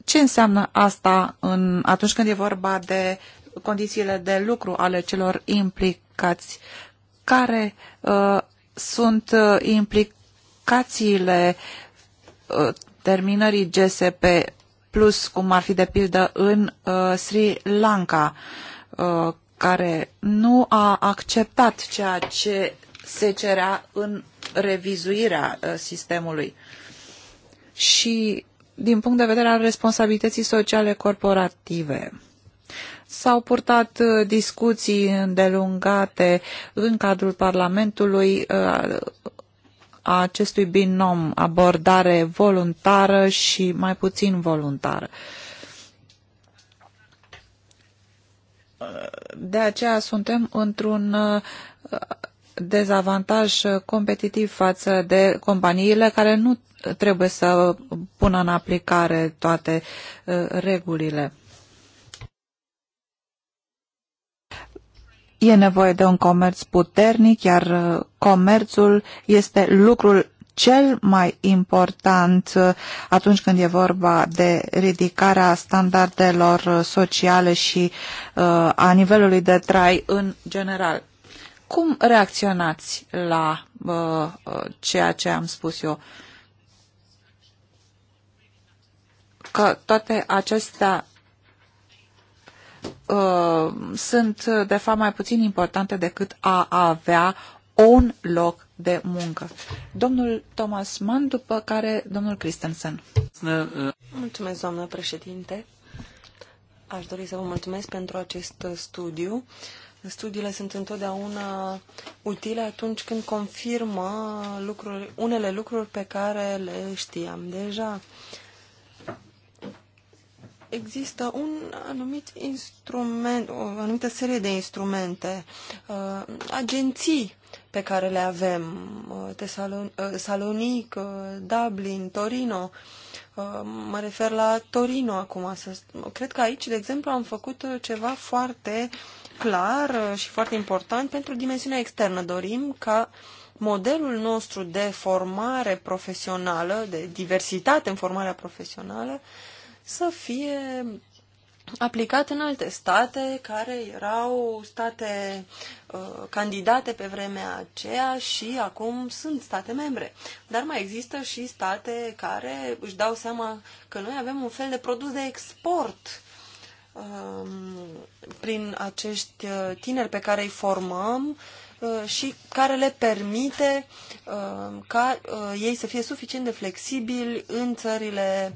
Ce înseamnă asta în, atunci când e vorba de condițiile de lucru ale celor implicați? Care uh, sunt uh, implicațiile uh, terminării GSP plus, cum ar fi de pildă în uh, Sri Lanka, care nu a acceptat ceea ce se cerea în revizuirea sistemului. Și din punct de vedere al responsabilității sociale corporative. S-au purtat uh, discuții îndelungate în cadrul Parlamentului uh, a acestui binom, abordare voluntară și mai puțin voluntară. De aceea suntem într-un uh, dezavantaj competitiv față de companiile care nu trebuie să pună în aplicare toate regulile. E nevoie de un comerț puternic, iar uh, comerțul este lucrul cel mai important uh, atunci când e vorba de ridicarea standardelor uh, sociale și a nivelului de trai în general. Cum reacționați la ceea ce am spus eu? Că toate acestea Uh, sunt de fapt mai puțin importante decât a avea un loc de muncă. Domnul Thomas Mann, după care domnul Christensen. Mulțumesc, doamnă președinte. Aș dori să vă mulțumesc pentru acest studiu. Studiile sunt întotdeauna utile atunci când confirmă lucruri, unele lucruri pe care le știam deja. Uh, există un anumit instrument, o anumită serie de instrumente, uh, agenții pe care le avem, uh, uh, Salonic, Dublin, Torino. Mă refer la Torino acum. Cred că aici, de exemplu, am făcut ceva foarte clar și foarte important pentru dimensiunea externă. Dorim ca modelul nostru de formare profesională, de diversitate în formarea profesională, să fie aplicat în alte state care erau state uh, candidate pe vremea aceea și acum sunt state membre. Dar mai există și state care își dau seama că noi avem un fel de produs de export uh, prin acești uh, tineri pe care îi formăm Uh, și care le permite uh, ca uh, ei să fie suficient de flexibili în țările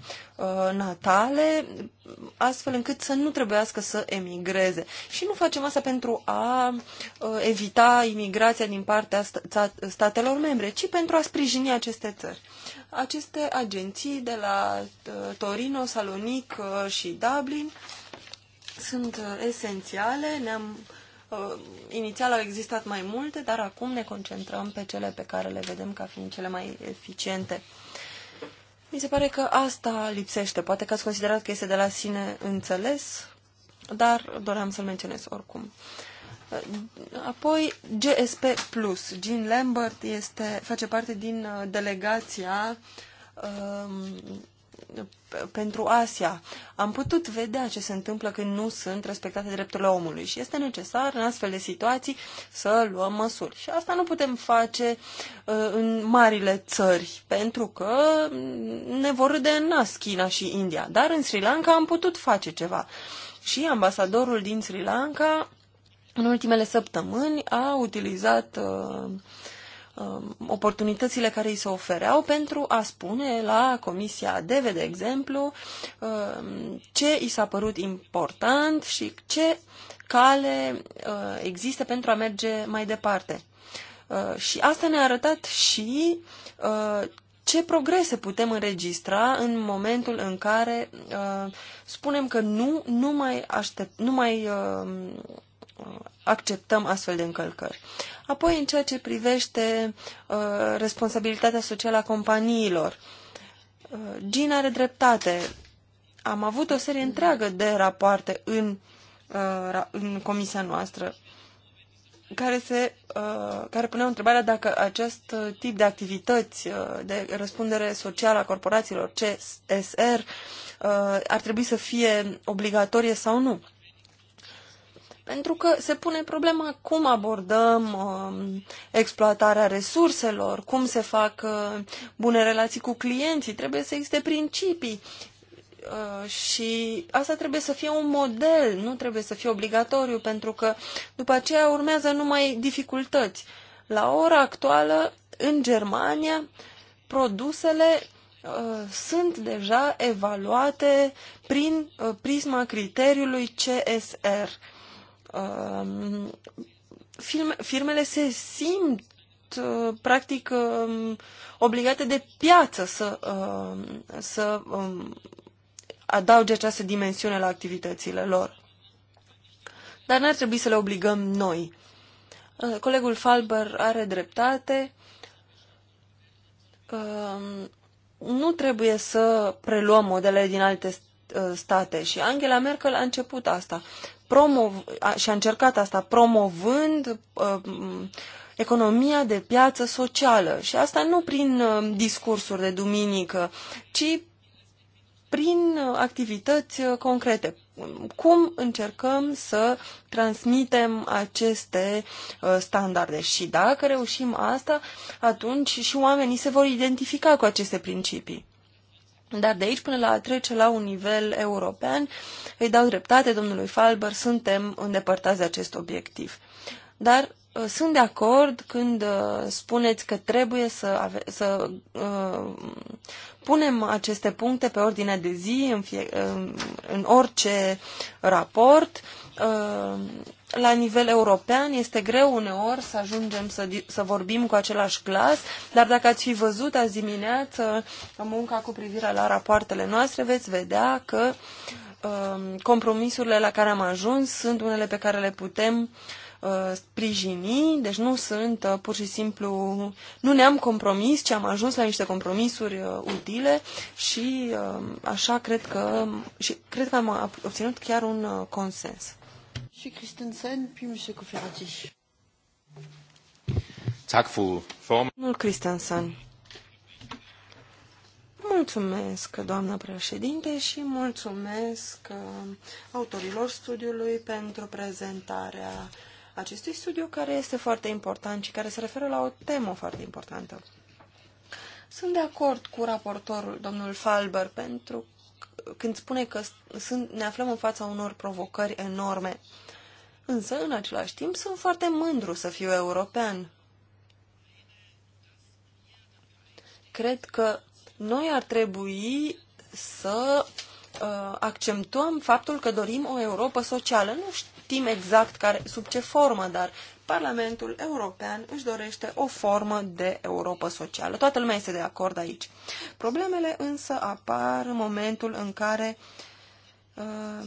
natale, astfel încât să nu trebuiască să emigreze. Și nu facem asta pentru a evita imigrația din partea statelor membre, ci pentru a sprijini aceste țări. Aceste agenții de la Torino, Salonic și Dublin sunt esențiale. Ne-am Uh, inițial au existat mai multe, dar acum ne concentrăm pe cele pe care le vedem ca fiind cele mai eficiente. Mi se pare că asta lipsește. Poate că ați considerat că este de la sine înțeles, dar doream să-l menționez oricum. Uh, apoi, GSP+. Plus. Jean Lambert este, face parte din uh, delegația um, pentru Asia. Am putut vedea ce se întâmplă când nu sunt respectate drepturile omului și este necesar în astfel de situații să luăm măsuri. Și asta nu putem face uh, în marile țări, pentru că ne vor râde în nas China și India. Dar în Sri Lanka am putut face ceva. Și ambasadorul din Sri Lanka în ultimele săptămâni a utilizat uh, Um, oportunitățile care îi se ofereau pentru a spune la Comisia DEVE, de exemplu, um, ce i s-a părut important și ce cale uh, există pentru a merge mai departe. Uh, și asta ne-a arătat și uh, ce progrese putem înregistra în momentul în care spunem că nu, nu mai, aștept, nu mai acceptăm astfel de încălcări. Apoi, în ceea ce privește uh, responsabilitatea socială a companiilor, uh, Gin are dreptate. Am avut o serie întreagă de rapoarte în, uh, în comisia noastră care, se, uh, care puneau întrebarea dacă acest tip de activități uh, de răspundere socială a corporațiilor CSR uh, ar trebui să fie obligatorie sau nu. Pentru că se pune problema cum abordăm uh, exploatarea resurselor, cum se fac uh, bune relații cu clienții, trebuie să existe principii. Uh, și asta trebuie să fie un model, nu trebuie să fie obligatoriu, pentru că după aceea urmează numai dificultăți. La ora actuală, în Germania, produsele uh, sunt deja evaluate prin uh, prisma criteriului CSR. Um, firmele se simt uh, practic um, obligate de piață să, um, să adauge această dimensiune la activitățile lor. Dar n-ar trebui să le obligăm noi. Uh, colegul Falber are dreptate. Nu trebuie să preluăm modele din alte uh, state și Angela Merkel a început asta promov- a, și-a încercat asta promovând uh, economia de piață socială. Și asta nu prin uh, discursuri de duminică, ci prin uh, activități uh, concrete. Cum încercăm să transmitem aceste uh, standarde și dacă reușim asta, atunci și oamenii se vor identifica cu aceste principii. Dar de aici până la a trece la un nivel european, îi dau dreptate domnului Falber, suntem îndepărtați de acest obiectiv. Dar uh, sunt de acord când uh, spuneți că trebuie să, ave- să uh, punem aceste puncte pe ordinea de zi în, fie- uh, în orice raport. Uh, la nivel european este greu uneori să ajungem să, să vorbim cu același glas, dar dacă ați fi văzut azi dimineață munca cu privire la rapoartele noastre, veți vedea că um, compromisurile la care am ajuns sunt unele pe care le putem uh, sprijini, deci nu sunt uh, pur și simplu, nu ne-am compromis, ci am ajuns la niște compromisuri uh, utile și um, așa cred că, și cred că am obținut chiar un consens. Christensen, puis Monsieur Cofferati. Domnul Christensen. Mulțumesc, doamnă președinte, și mulțumesc uh, autorilor studiului pentru prezentarea acestui studiu, care este foarte important și care se referă la o temă foarte importantă. Sunt de acord cu raportorul, domnul Falber, pentru când spune că sunt, ne aflăm în fața unor provocări enorme. Însă, în același timp, sunt foarte mândru să fiu european. Cred că noi ar trebui să uh, accentuăm faptul că dorim o Europa socială. Nu știm exact care, sub ce formă, dar Parlamentul European își dorește o formă de Europa socială. Toată lumea este de acord aici. Problemele însă apar în momentul în care uh,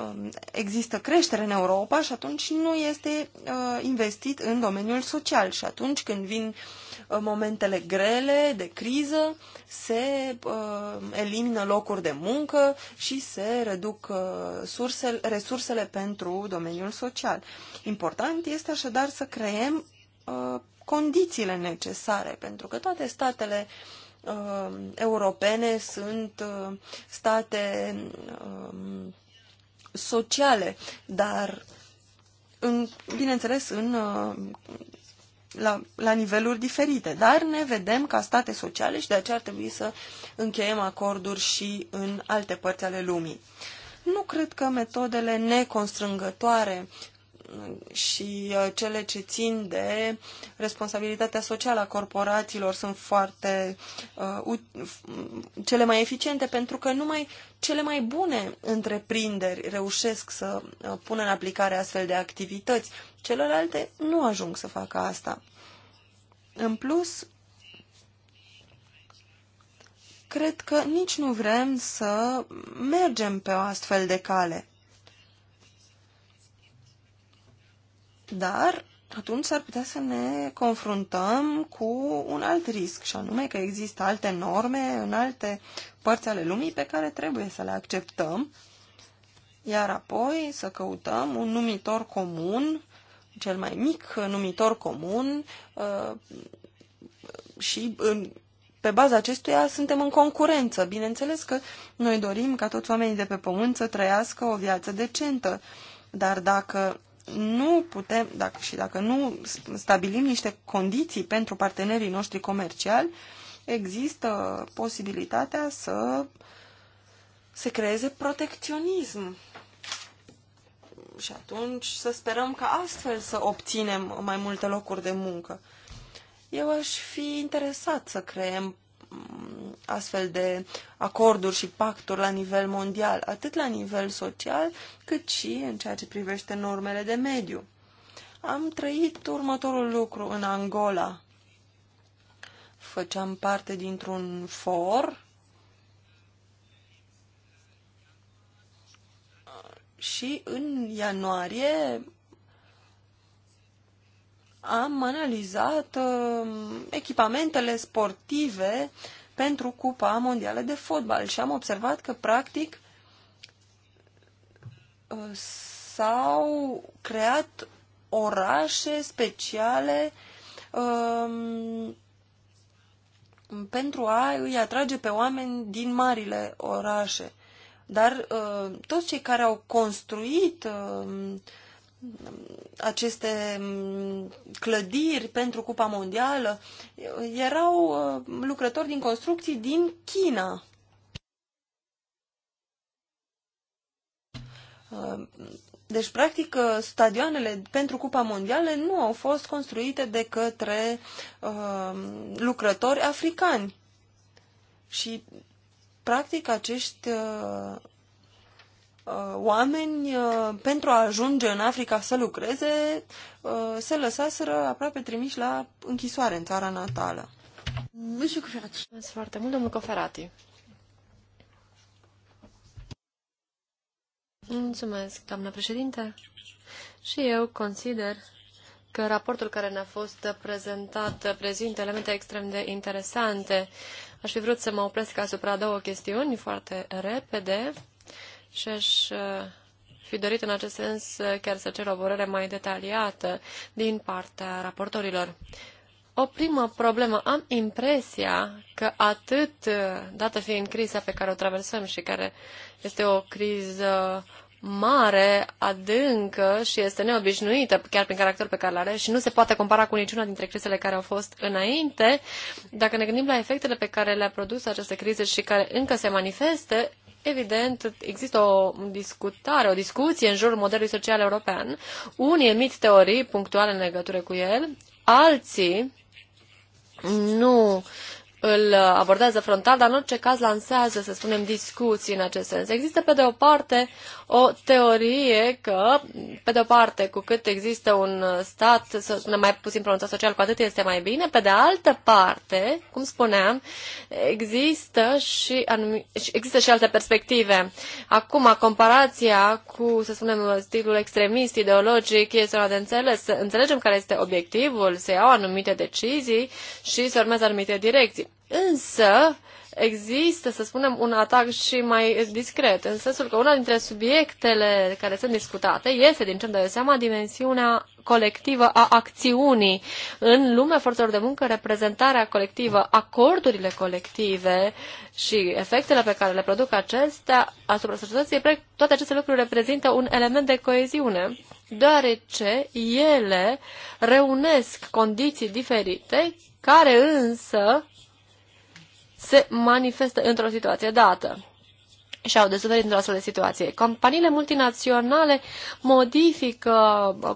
Um, există creștere în Europa și atunci nu este uh, investit în domeniul social și atunci când vin uh, momentele grele de criză se uh, elimină locuri de muncă și se reduc sursele, resursele pentru domeniul social. Important este așadar să creem condițiile necesare pentru că toate statele europene sunt state um, sociale, dar, în, bineînțeles, în, uh, la, la niveluri diferite. Dar ne vedem ca state sociale și de aceea ar trebui să încheiem acorduri și în alte părți ale lumii. Nu cred că metodele neconstrângătoare și uh, cele ce țin de responsabilitatea socială a corporațiilor sunt foarte uh, cele mai eficiente pentru că numai cele mai bune întreprinderi reușesc să uh, pună în aplicare astfel de activități. Celelalte nu ajung să facă asta. În plus, cred că nici nu vrem să mergem pe o astfel de cale Dar atunci s-ar putea să ne confruntăm cu un alt risc, și anume că există alte norme în alte părți ale lumii pe care trebuie să le acceptăm, iar apoi să căutăm un numitor comun, cel mai mic numitor comun, uh, și pe baza acestuia suntem în concurență. Bineînțeles că noi dorim ca toți oamenii de pe pământ să trăiască o viață decentă, dar dacă nu putem, dacă, și dacă nu stabilim niște condiții pentru partenerii noștri comerciali, există posibilitatea să se creeze protecționism. Și atunci să sperăm că astfel să obținem mai multe locuri de muncă. Eu aș fi interesat să creăm astfel de acorduri și pacturi la nivel mondial, atât la nivel social, cât și în ceea ce privește normele de mediu. Am trăit următorul lucru în Angola. Făceam parte dintr-un for și în ianuarie am analizat uh, echipamentele sportive pentru Cupa Mondială de Fotbal și am observat că, practic, uh, s-au creat orașe speciale um, pentru a îi atrage pe oameni din marile orașe. Dar uh, toți cei care au construit uh, aceste mm, clădiri pentru Cupa Mondială erau uh, lucrători din construcții din China. Uh, deci, practic, uh, stadioanele pentru Cupa Mondială nu au fost construite de către lucrători africani. Și, practic, acești Uh, oameni uh, pentru a ajunge în Africa să lucreze uh, se lăsaseră aproape trimiși la închisoare în țara natală. Mulțumesc foarte mult, domnul Coferati. Mulțumesc, doamnă președinte. Și eu consider că raportul care ne-a fost prezentat prezintă elemente extrem de interesante. Aș fi vrut să mă opresc asupra două chestiuni foarte repede și aș uh, fi dorit în acest sens uh, chiar să cer o vorere mai detaliată din partea raportorilor. O primă problemă. Am impresia că atât, uh, dată fiind criza pe care o traversăm și care este o criză mare, adâncă și este neobișnuită, chiar prin caracterul pe care îl are și nu se poate compara cu niciuna dintre crizele care au fost înainte. Dacă ne gândim la efectele pe care le-a produs această criză și care încă se manifestă, Evident, există o discutare, o discuție în jurul modelului social european. Unii emit teorii punctuale în legătură cu el, alții nu îl abordează frontal, dar în orice caz lansează, să spunem, discuții în acest sens. Există, pe de o parte, o teorie că, pe de o parte, cu cât există un stat, să spunem, mai puțin pronunțat social, cu atât este mai bine. Pe de altă parte, cum spuneam, există și, anumi, există și alte perspective. Acum, comparația cu, să spunem, stilul extremist, ideologic, este una de înțeles. Să înțelegem care este obiectivul, se iau anumite decizii și se urmează anumite direcții însă există, să spunem, un atac și mai discret, în sensul că una dintre subiectele care sunt discutate este, din ce îmi dau seama, dimensiunea colectivă a acțiunii. În lumea forțelor de muncă, reprezentarea colectivă, acordurile colective și efectele pe care le produc acestea asupra societății, toate aceste lucruri reprezintă un element de coeziune deoarece ele reunesc condiții diferite care însă se manifestă într-o situație dată și au de suferit într-o astfel de situație. Companiile multinaționale modifică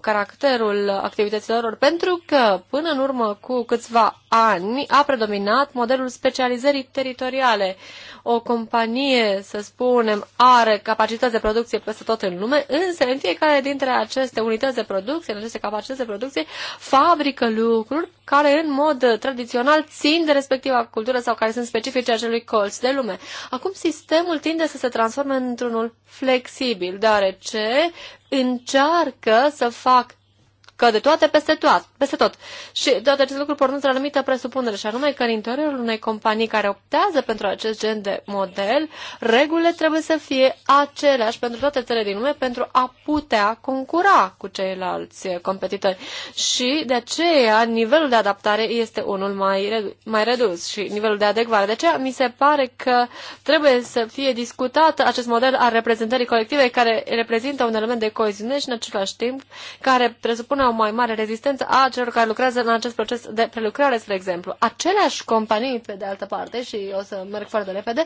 caracterul activităților lor pentru că, până în urmă cu câțiva ani, a predominat modelul specializării teritoriale. O companie, să spunem, are capacități de producție peste tot în lume, însă în fiecare dintre aceste unități de producție, în aceste capacități de producție, fabrică lucruri care în mod uh, tradițional țin de respectiva cultură sau care sunt specifice acelui colț de lume. Acum sistemul tinde să se transforme într-unul flexibil, deoarece încearcă să fac că de toate peste, toat, peste tot. Și toate aceste lucruri pornesc de la anumită presupunere, și anume că în interiorul unei companii care optează pentru acest gen de model, regulile trebuie să fie aceleași pentru toate țările din lume pentru a putea concura cu ceilalți competitori. Și de aceea nivelul de adaptare este unul mai, mai redus și nivelul de adecvare. De aceea mi se pare că trebuie să fie discutat acest model al reprezentării colective care reprezintă un element de coeziune și în același timp care presupune o mai mare rezistență a celor care lucrează în acest proces de prelucrare, spre exemplu. Aceleași companii, pe de altă parte, și o să merg foarte repede,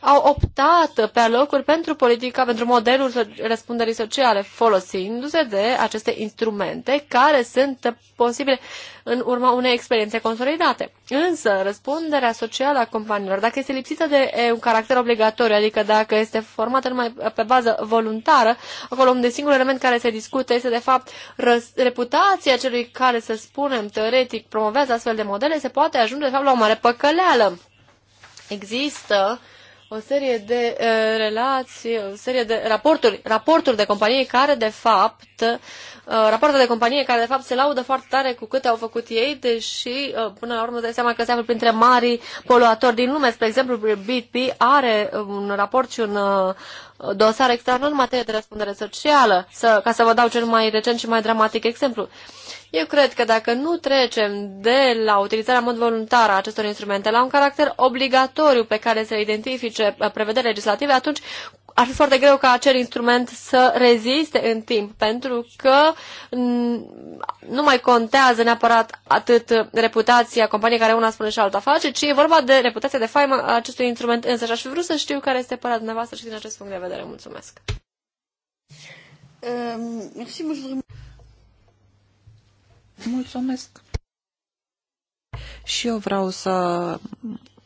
au optat pe alocuri pentru politica, pentru modelul răspunderii sociale, folosindu-se de aceste instrumente care sunt posibile în urma unei experiențe consolidate. Însă, răspunderea socială a companiilor, dacă este lipsită de un caracter obligatoriu, adică dacă este formată numai pe bază voluntară, acolo unde singurul element care se discută este, de fapt, răs, reputația celui care, să spunem, teoretic promovează astfel de modele, se poate ajunge, de fapt, la o mare păcăleală. Există o serie de uh, relații, o serie de raporturi, raporturi de companie care, de fapt, Uh, rapoarte de companie care, de fapt, se laudă foarte tare cu câte au făcut ei, deși, uh, până la urmă, dai seama că se află printre marii poluatori din lume. Spre exemplu, BP are un raport și un uh, dosar extern în materie de răspundere socială, să, ca să vă dau cel mai recent și mai dramatic exemplu. Eu cred că dacă nu trecem de la utilizarea în mod voluntar a acestor instrumente la un caracter obligatoriu pe care să identifice prevederi legislative, atunci ar fi foarte greu ca acel instrument să reziste în timp, pentru că nu mai contează neapărat atât reputația companiei care una spune și alta face, ci e vorba de reputația de faimă a acestui instrument însă. Și aș fi vrut să știu care este părerea dumneavoastră și din acest punct de vedere. Mulțumesc! Ehm, Mulțumesc! Și eu vreau să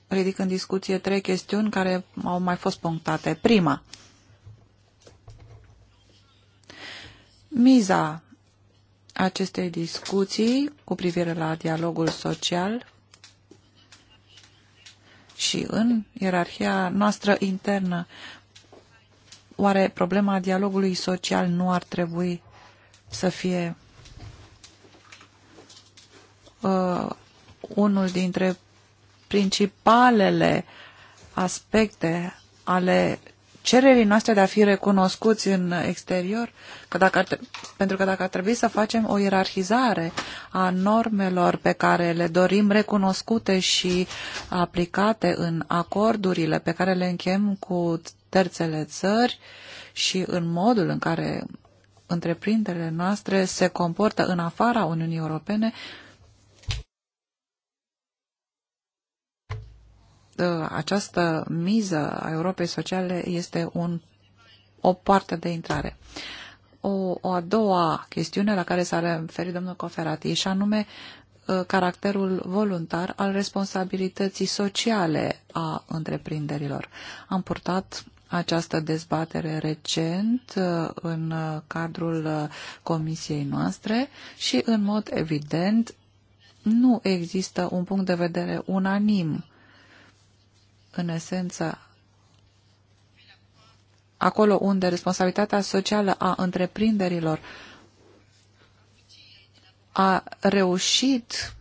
ridic în discuție trei chestiuni care au mai fost punctate. Prima, miza acestei discuții cu privire la dialogul social și în ierarhia noastră internă, oare problema dialogului social nu ar trebui să fie uh, unul dintre principalele aspecte ale cererii noastre de a fi recunoscuți în exterior, că dacă ar, pentru că dacă ar trebui să facem o ierarhizare a normelor pe care le dorim recunoscute și aplicate în acordurile pe care le închem cu terțele țări și în modul în care întreprinderile noastre se comportă în afara Uniunii Europene, Ă, această miză a Europei Sociale este un, o parte de intrare. O, o a doua chestiune la care s-a referit domnul Coferati și anume ă, caracterul voluntar al responsabilității sociale a întreprinderilor. Am purtat această dezbatere recent ă, în cadrul comisiei noastre și, în mod evident, nu există un punct de vedere unanim în esență, acolo unde responsabilitatea socială a întreprinderilor a reușit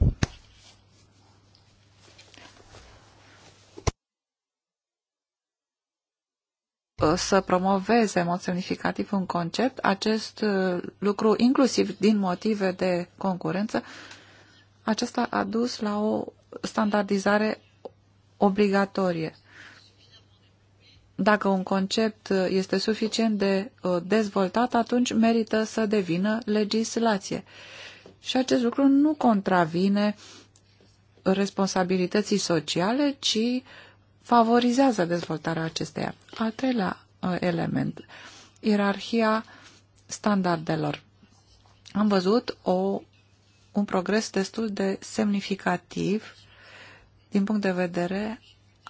să promoveze în mod semnificativ un concept, acest uh, lucru, inclusiv din motive de concurență, acesta a dus la o standardizare obligatorie. Dacă un concept uh, este suficient de uh, dezvoltat, atunci merită să devină legislație. Și acest lucru nu contravine responsabilității sociale, ci favorizează dezvoltarea acesteia. Al treilea uh, element, ierarhia standardelor. Am văzut o, un progres destul de semnificativ din punct de vedere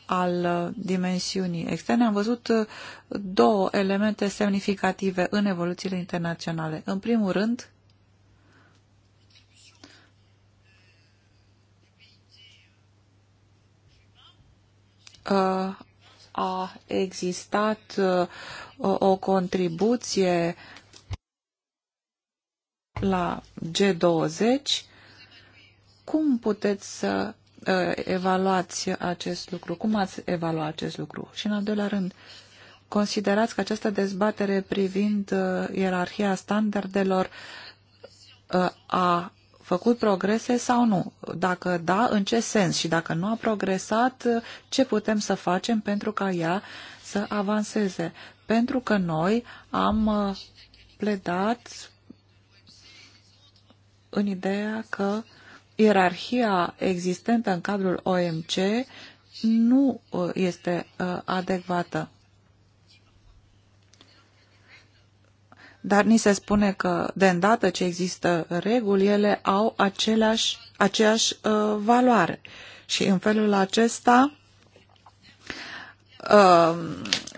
al uh, dimensiunii externe, am văzut uh, două elemente semnificative în evoluțiile internaționale. În primul rând, uh, a existat o contribuție la G20. Cum puteți să Uh, evaluați acest lucru? Cum ați evalua acest lucru? Și în al doilea rând, considerați că această dezbatere privind uh, ierarhia standardelor uh, a făcut progrese sau nu? Dacă da, în ce sens? Și dacă nu a progresat, uh, ce putem să facem pentru ca ea să avanseze? Pentru că noi am uh, pledat în ideea că uh, ierarhia existentă în cadrul OMC nu uh, este uh, adecvată. Dar ni se spune că, de îndată ce există reguli, ele au aceleași, aceeași uh, valoare. Și în felul acesta, uh,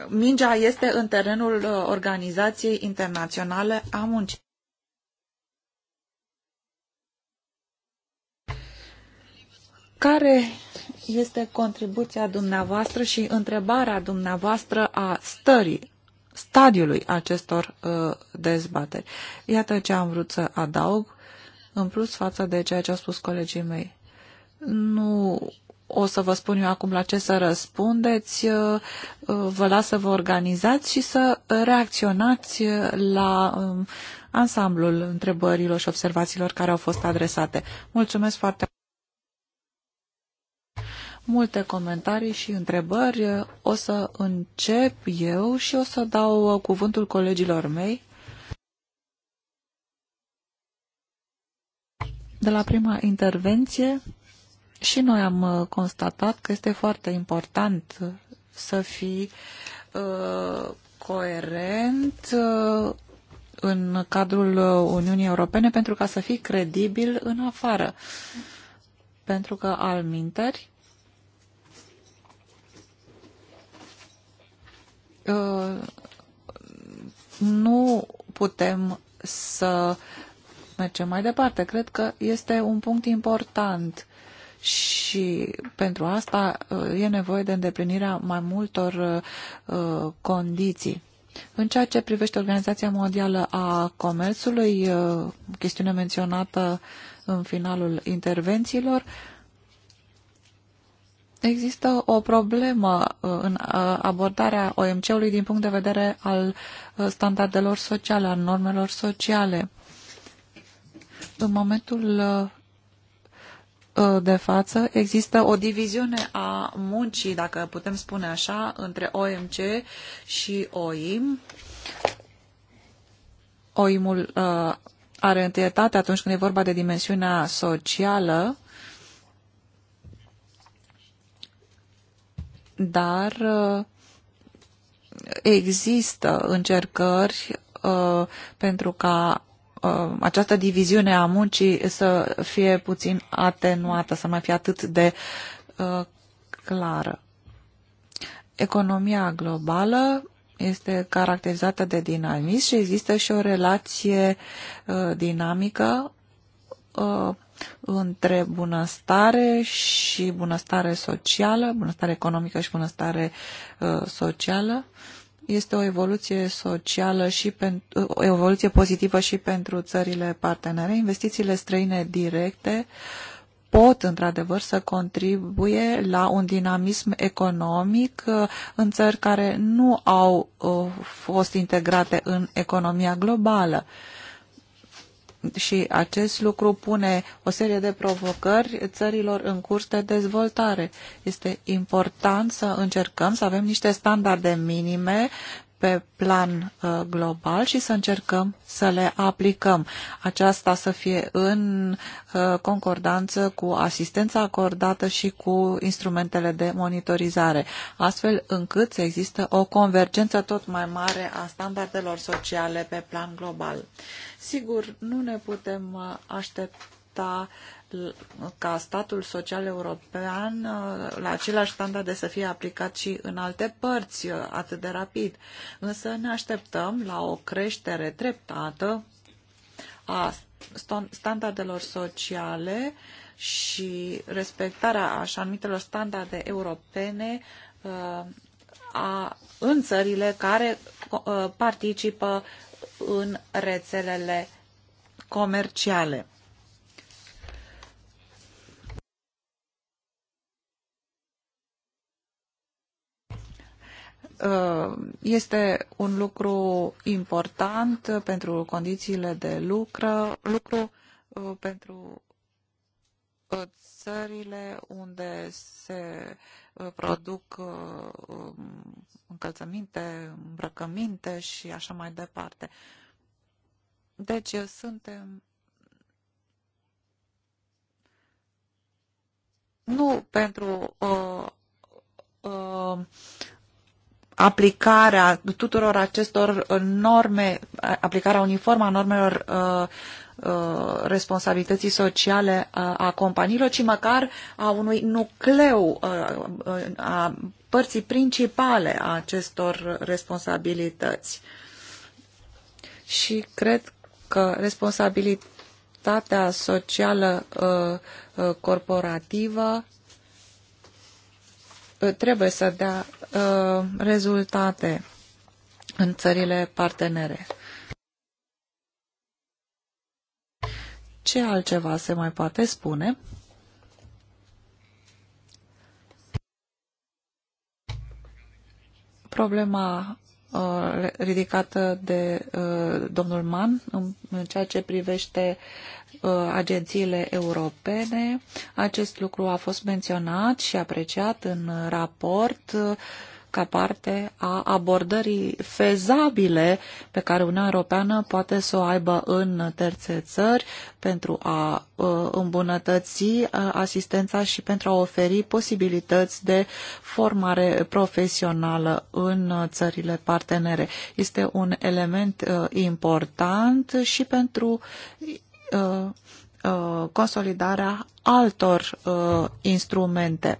mingea este în terenul Organizației Internaționale a Muncii. care este contribuția dumneavoastră și întrebarea dumneavoastră a stării, stadiului acestor uh, dezbateri. Iată ce am vrut să adaug în plus față de ceea ce au spus colegii mei. Nu o să vă spun eu acum la ce să răspundeți, uh, uh, vă las să vă organizați și să reacționați uh, la um, ansamblul întrebărilor și observațiilor care au fost adresate. Mulțumesc foarte multe comentarii și întrebări. O să încep eu și o să dau cuvântul colegilor mei. De la prima intervenție și noi am uh, constatat că este foarte important uh, să fii uh, coerent uh, în cadrul uh, Uniunii Europene pentru ca să fii credibil în afară. Pentru că al minteri Uh, nu putem să mergem mai departe. Cred că este un punct important și pentru asta uh, e nevoie de îndeplinirea mai multor uh, condiții. În ceea ce privește Organizația Mondială a Comerțului, chestiune menționată în finalul intervențiilor, Există o problemă uh, în uh, abordarea OMC-ului din punct de vedere al uh, standardelor sociale, al normelor sociale. În momentul de față există o diviziune a muncii, dacă putem spune așa, între OMC și OIM. OIM-ul are întâietate atunci când e vorba de dimensiunea socială dar uh, există încercări uh, pentru ca uh, această diviziune a muncii să fie puțin atenuată, să mai fie atât de clară. Economia globală este caracterizată de dinamism și există și o relație dinamică între bunăstare și bunăstare socială, bunăstare economică și bunăstare uh, socială. Este o evoluție socială și pentru, uh, o evoluție pozitivă și pentru țările partenere. Investițiile străine directe pot într-adevăr să contribuie la un dinamism economic uh, în țări care nu au uh, fost integrate în economia globală. Uh, și acest lucru pune o serie de provocări țărilor în curs de dezvoltare. Este important să încercăm să avem niște standarde minime pe plan uh, global și să încercăm să le aplicăm. Aceasta să fie în uh, concordanță cu asistența acordată și cu instrumentele de monitorizare, astfel încât să există o convergență tot mai mare a standardelor sociale pe plan global. Sigur, nu ne putem uh, aștepta ca statul social european uh, la standard standarde să fie aplicat și în alte părți uh, atât de rapid. Însă ne așteptăm la o creștere treptată a standardelor sociale și respectarea așa numitelor standarde europene uh, a, în țările care participă în rețelele comerciale. Uh, este un lucru important pentru condițiile de lucru, lucru uh, pentru uh, țările unde se produc um, încălțăminte, îmbrăcăminte și așa mai departe. Deci suntem nu pentru aplicarea tuturor acestor norme, aplicarea uniformă a normelor uh, uh, responsabilității sociale uh, a companiilor, ci măcar a unui nucleu a părții principale a acestor responsabilități. Și cred că responsabilitatea socială corporativă Uh, trebuie să dea uh, rezultate în țările partenere. Ce altceva se mai poate spune? Problema Uh, ridicată de uh, domnul Mann în ceea ce privește uh, agențiile europene. Acest lucru a fost menționat și apreciat în raport ca parte a abordării fezabile pe care Uniunea Europeană poate să o aibă în terțe țări pentru a uh, îmbunătăți uh, asistența și pentru a oferi posibilități de formare profesională în uh, țările partenere. Este un element important și pentru consolidarea altor instrumente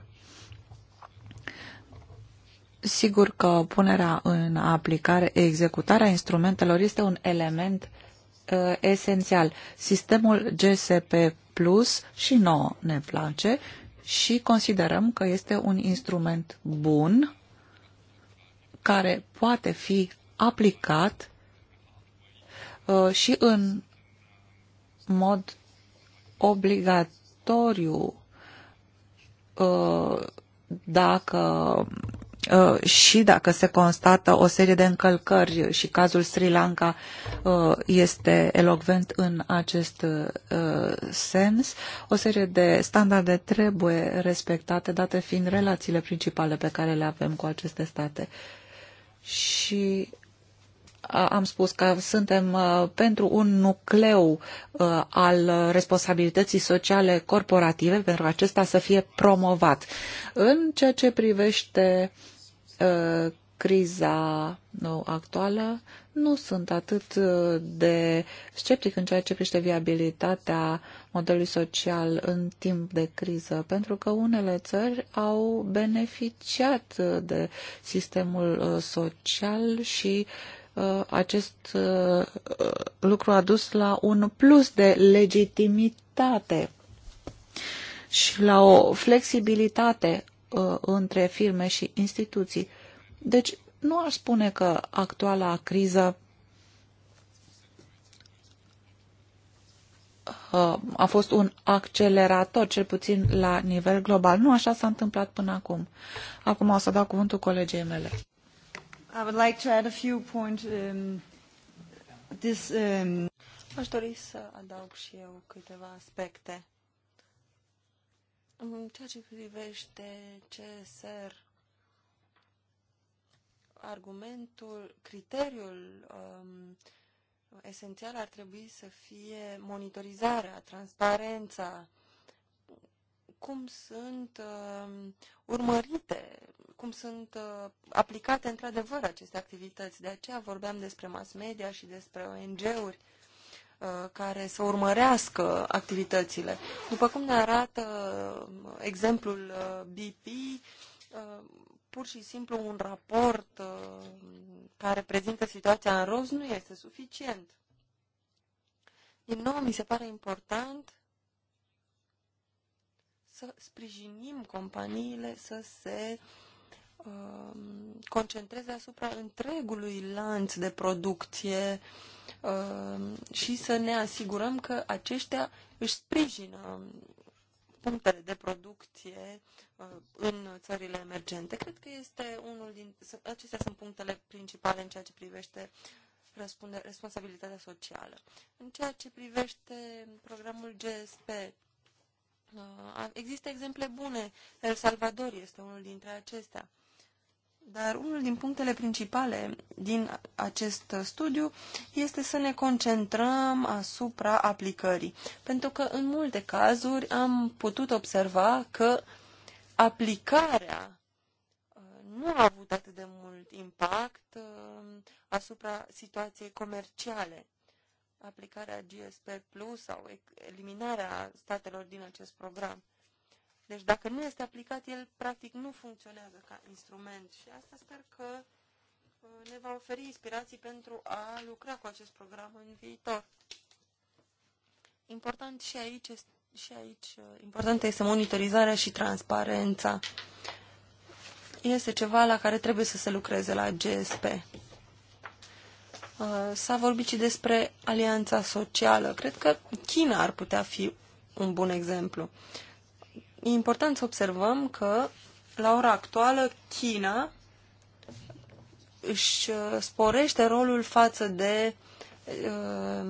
Sigur că punerea în aplicare, executarea instrumentelor este un element uh, esențial. Sistemul GSP Plus și nouă ne place și considerăm că este un instrument bun care poate fi aplicat uh, și în mod obligatoriu uh, dacă Uh, și dacă se constată o serie de încălcări și cazul Sri Lanka uh, este elocvent în acest uh, sens, o serie de standarde trebuie respectate, date fiind relațiile principale pe care le avem cu aceste state. Și am spus că suntem pentru un nucleu al responsabilității sociale corporative, pentru acesta să fie promovat. În ceea ce privește uh, Uh, criza nou actuală, nu sunt atât uh, de sceptic în ceea ce privește viabilitatea modelului social în timp de criză, pentru că unele țări au beneficiat uh, de sistemul social și acest lucru a dus la un plus de legitimitate și la o flexibilitate uh, între firme și instituții. Deci, nu aș spune că actuala criză uh, a fost un accelerator, cel puțin la nivel global. Nu așa s-a întâmplat până acum. Acum o să dau cuvântul colegii mele. I would like to add a few point, Um, this, um... Aș dori să adaug și eu câteva aspecte. În ceea ce privește CSR, argumentul, criteriul um, esențial ar trebui să fie monitorizarea, transparența, cum sunt uh, urmărite, cum sunt uh, aplicate într-adevăr aceste activități. De aceea vorbeam despre mass media și despre ONG-uri. Uh, Uh, care să urmărească activitățile. După cum ne arată uh, exemplul uh, BP, pur și simplu un raport care prezintă situația în roz nu este suficient. Din nou, mi se pare important să sprijinim companiile să se concentreze asupra întregului lanț de producție uh, Uh, și să ne asigurăm că aceștia își sprijină punctele de producție uh, în țările emergente. Cred că este unul din, acestea sunt punctele principale în ceea ce privește răspunde, responsabilitatea socială. În ceea ce privește programul GSP, uh, există exemple bune. El Salvador este unul dintre acestea. Dar unul din punctele principale din acest studiu este să ne concentrăm asupra aplicării. Pentru că în multe cazuri am putut observa că aplicarea uh, nu a avut atât de mult impact uh, asupra situației comerciale. Aplicarea GSP Plus sau eliminarea statelor din acest program. Deci dacă nu este aplicat, el practic nu funcționează ca instrument și asta sper că uh, ne va oferi inspirații pentru a lucra cu acest program în viitor. Important și aici, și aici uh, importantă este monitorizarea și transparența. Este ceva la care trebuie să se lucreze la GSP. Uh, s-a vorbit și despre alianța socială. Cred că China ar putea fi un bun exemplu. E important să observăm că, la ora actuală, China își uh, sporește rolul față de uh,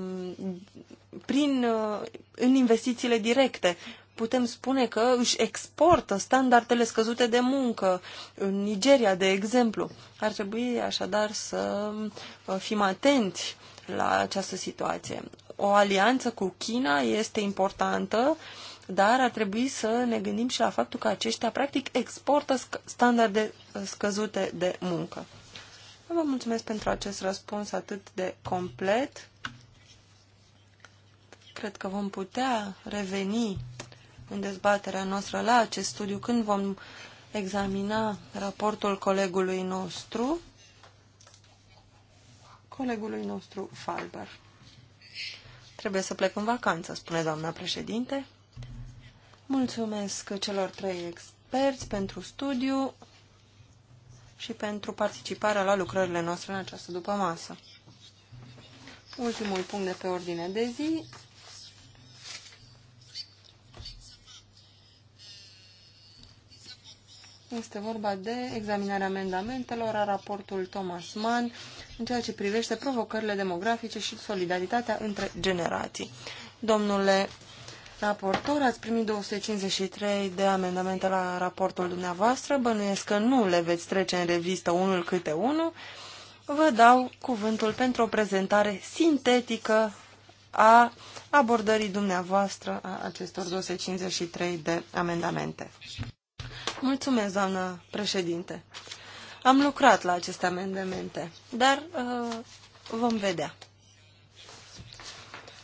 prin, uh, în investițiile directe. Putem spune că își exportă standardele scăzute de muncă în Nigeria, de exemplu. Ar trebui așadar să fim atenți la această situație. O alianță cu China este importantă dar ar trebui să ne gândim și la faptul că aceștia practic exportă standarde uh, scăzute de muncă. Vă mulțumesc pentru acest răspuns atât de complet. Cred că vom putea reveni în dezbaterea noastră la acest studiu când vom examina raportul colegului nostru, colegului nostru Falber. Trebuie să plec în vacanță, spune doamna președinte. Mulțumesc celor trei experți pentru studiu și pentru participarea la lucrările noastre în această după masă. Ultimul punct de pe ordine de zi Este vorba de examinarea amendamentelor a raportul Thomas Mann în ceea ce privește provocările demografice și solidaritatea între generații. Domnule raportor, ați primit 253 de amendamente la raportul dumneavoastră, bănuiesc că nu le veți trece în revistă unul câte unul. Vă dau cuvântul pentru o prezentare sintetică a abordării dumneavoastră a acestor 253 de amendamente. Mulțumesc, doamnă președinte. Am lucrat la aceste amendamente, dar uh, vom vedea.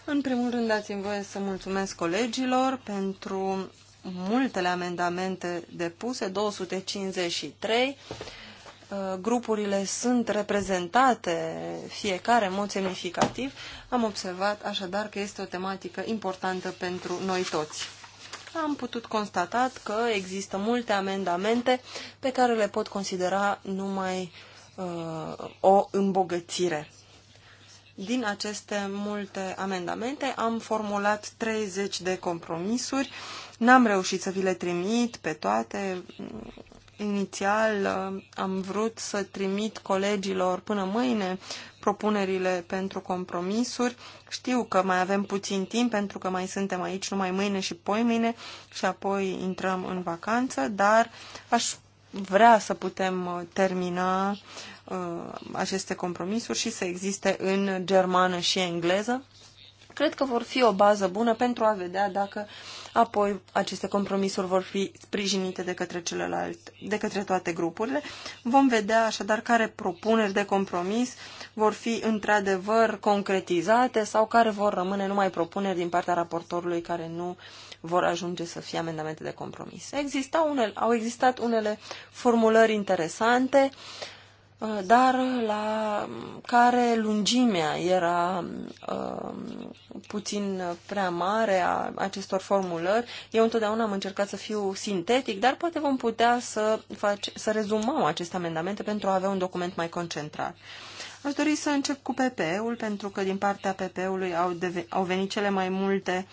În primul rând, dați-mi voie să mulțumesc colegilor pentru multele amendamente depuse, 253. Uh, grupurile sunt reprezentate, fiecare în mod semnificativ. Am observat așadar că este o tematică importantă pentru noi toți. Am putut constata că există multe amendamente pe care le pot considera numai uh, o îmbogățire. Din aceste multe amendamente am formulat 30 de compromisuri. N-am reușit să vi le trimit pe toate. Inițial uh, am vrut să trimit colegilor până mâine propunerile pentru compromisuri. Știu că mai avem puțin timp pentru că mai suntem aici numai mâine și mâine și apoi intrăm în vacanță, dar aș vrea să putem uh, termina Uh, aceste compromisuri și să existe în germană și engleză. Cred că vor fi o bază bună pentru a vedea dacă apoi aceste compromisuri vor fi sprijinite de către, celelalte, de către toate grupurile. Vom vedea așadar care propuneri de compromis vor fi într-adevăr concretizate sau care vor rămâne numai propuneri din partea raportorului care nu vor ajunge să fie amendamente de compromis. Exista unele, au existat unele formulări interesante Uh, dar la care lungimea era uh, puțin prea mare a acestor formulări. Eu întotdeauna am încercat să fiu sintetic, dar poate vom putea să, face, să rezumăm aceste amendamente pentru a avea un document mai concentrat. Aș dori să încep cu PP-ul, pentru că din partea PP-ului au, au venit cele mai multe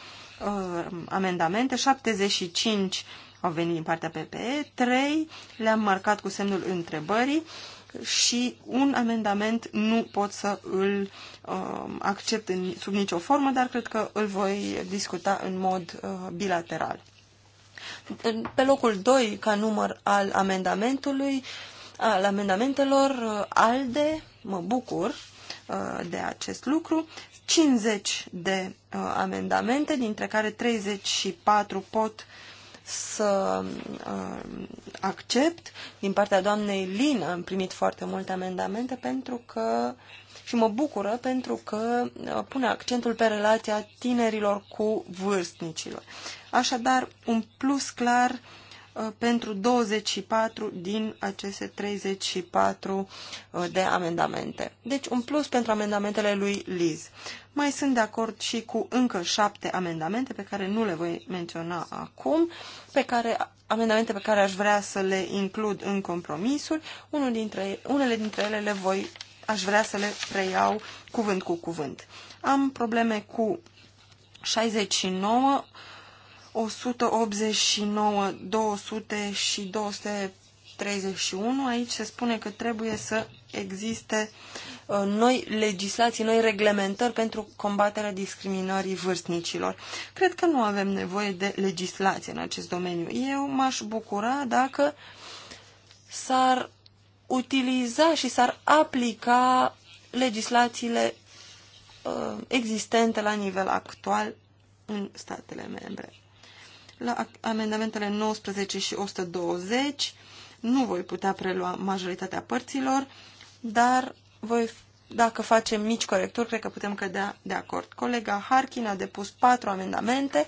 uh, amendamente, 75 au venit din partea PPE, 3 le-am marcat cu semnul întrebării, uh, și un amendament nu pot să îl uh, accept în, sub nicio formă, dar cred că îl voi discuta în mod uh, bilateral. Pe locul 2, ca număr al amendamentului, al amendamentelor uh, ALDE, mă bucur uh, de acest lucru, 50 de uh, amendamente, dintre care 34 pot uh, să uh, accept. Din partea doamnei Lin am primit foarte multe amendamente pentru că și mă bucură pentru că uh, pune accentul pe relația tinerilor cu vârstnicilor. Așadar, un plus clar uh, Uh, pentru 24 din aceste 34 uh, de amendamente. Deci un plus pentru amendamentele lui Liz. Mai sunt de acord și cu încă șapte amendamente pe care nu le voi menționa acum, pe care, amendamente pe care aș vrea să le includ în compromisul. Unul dintre, unele dintre ele le voi, aș vrea să le preiau cuvânt cu cuvânt. Am probleme cu 69, 189, 200 și 231, aici se spune că trebuie să existe uh, noi legislații, noi reglementări pentru combaterea discriminării vârstnicilor. Cred că nu avem nevoie de legislație în acest domeniu. Eu m-aș bucura dacă s-ar utiliza și s-ar aplica legislațiile uh, existente la nivel actual în statele membre. La amendamentele 19 și 120 nu voi putea prelua majoritatea părților, dar voi, dacă facem mici corecturi, cred că putem cădea de acord. Colega Harkin a depus patru amendamente,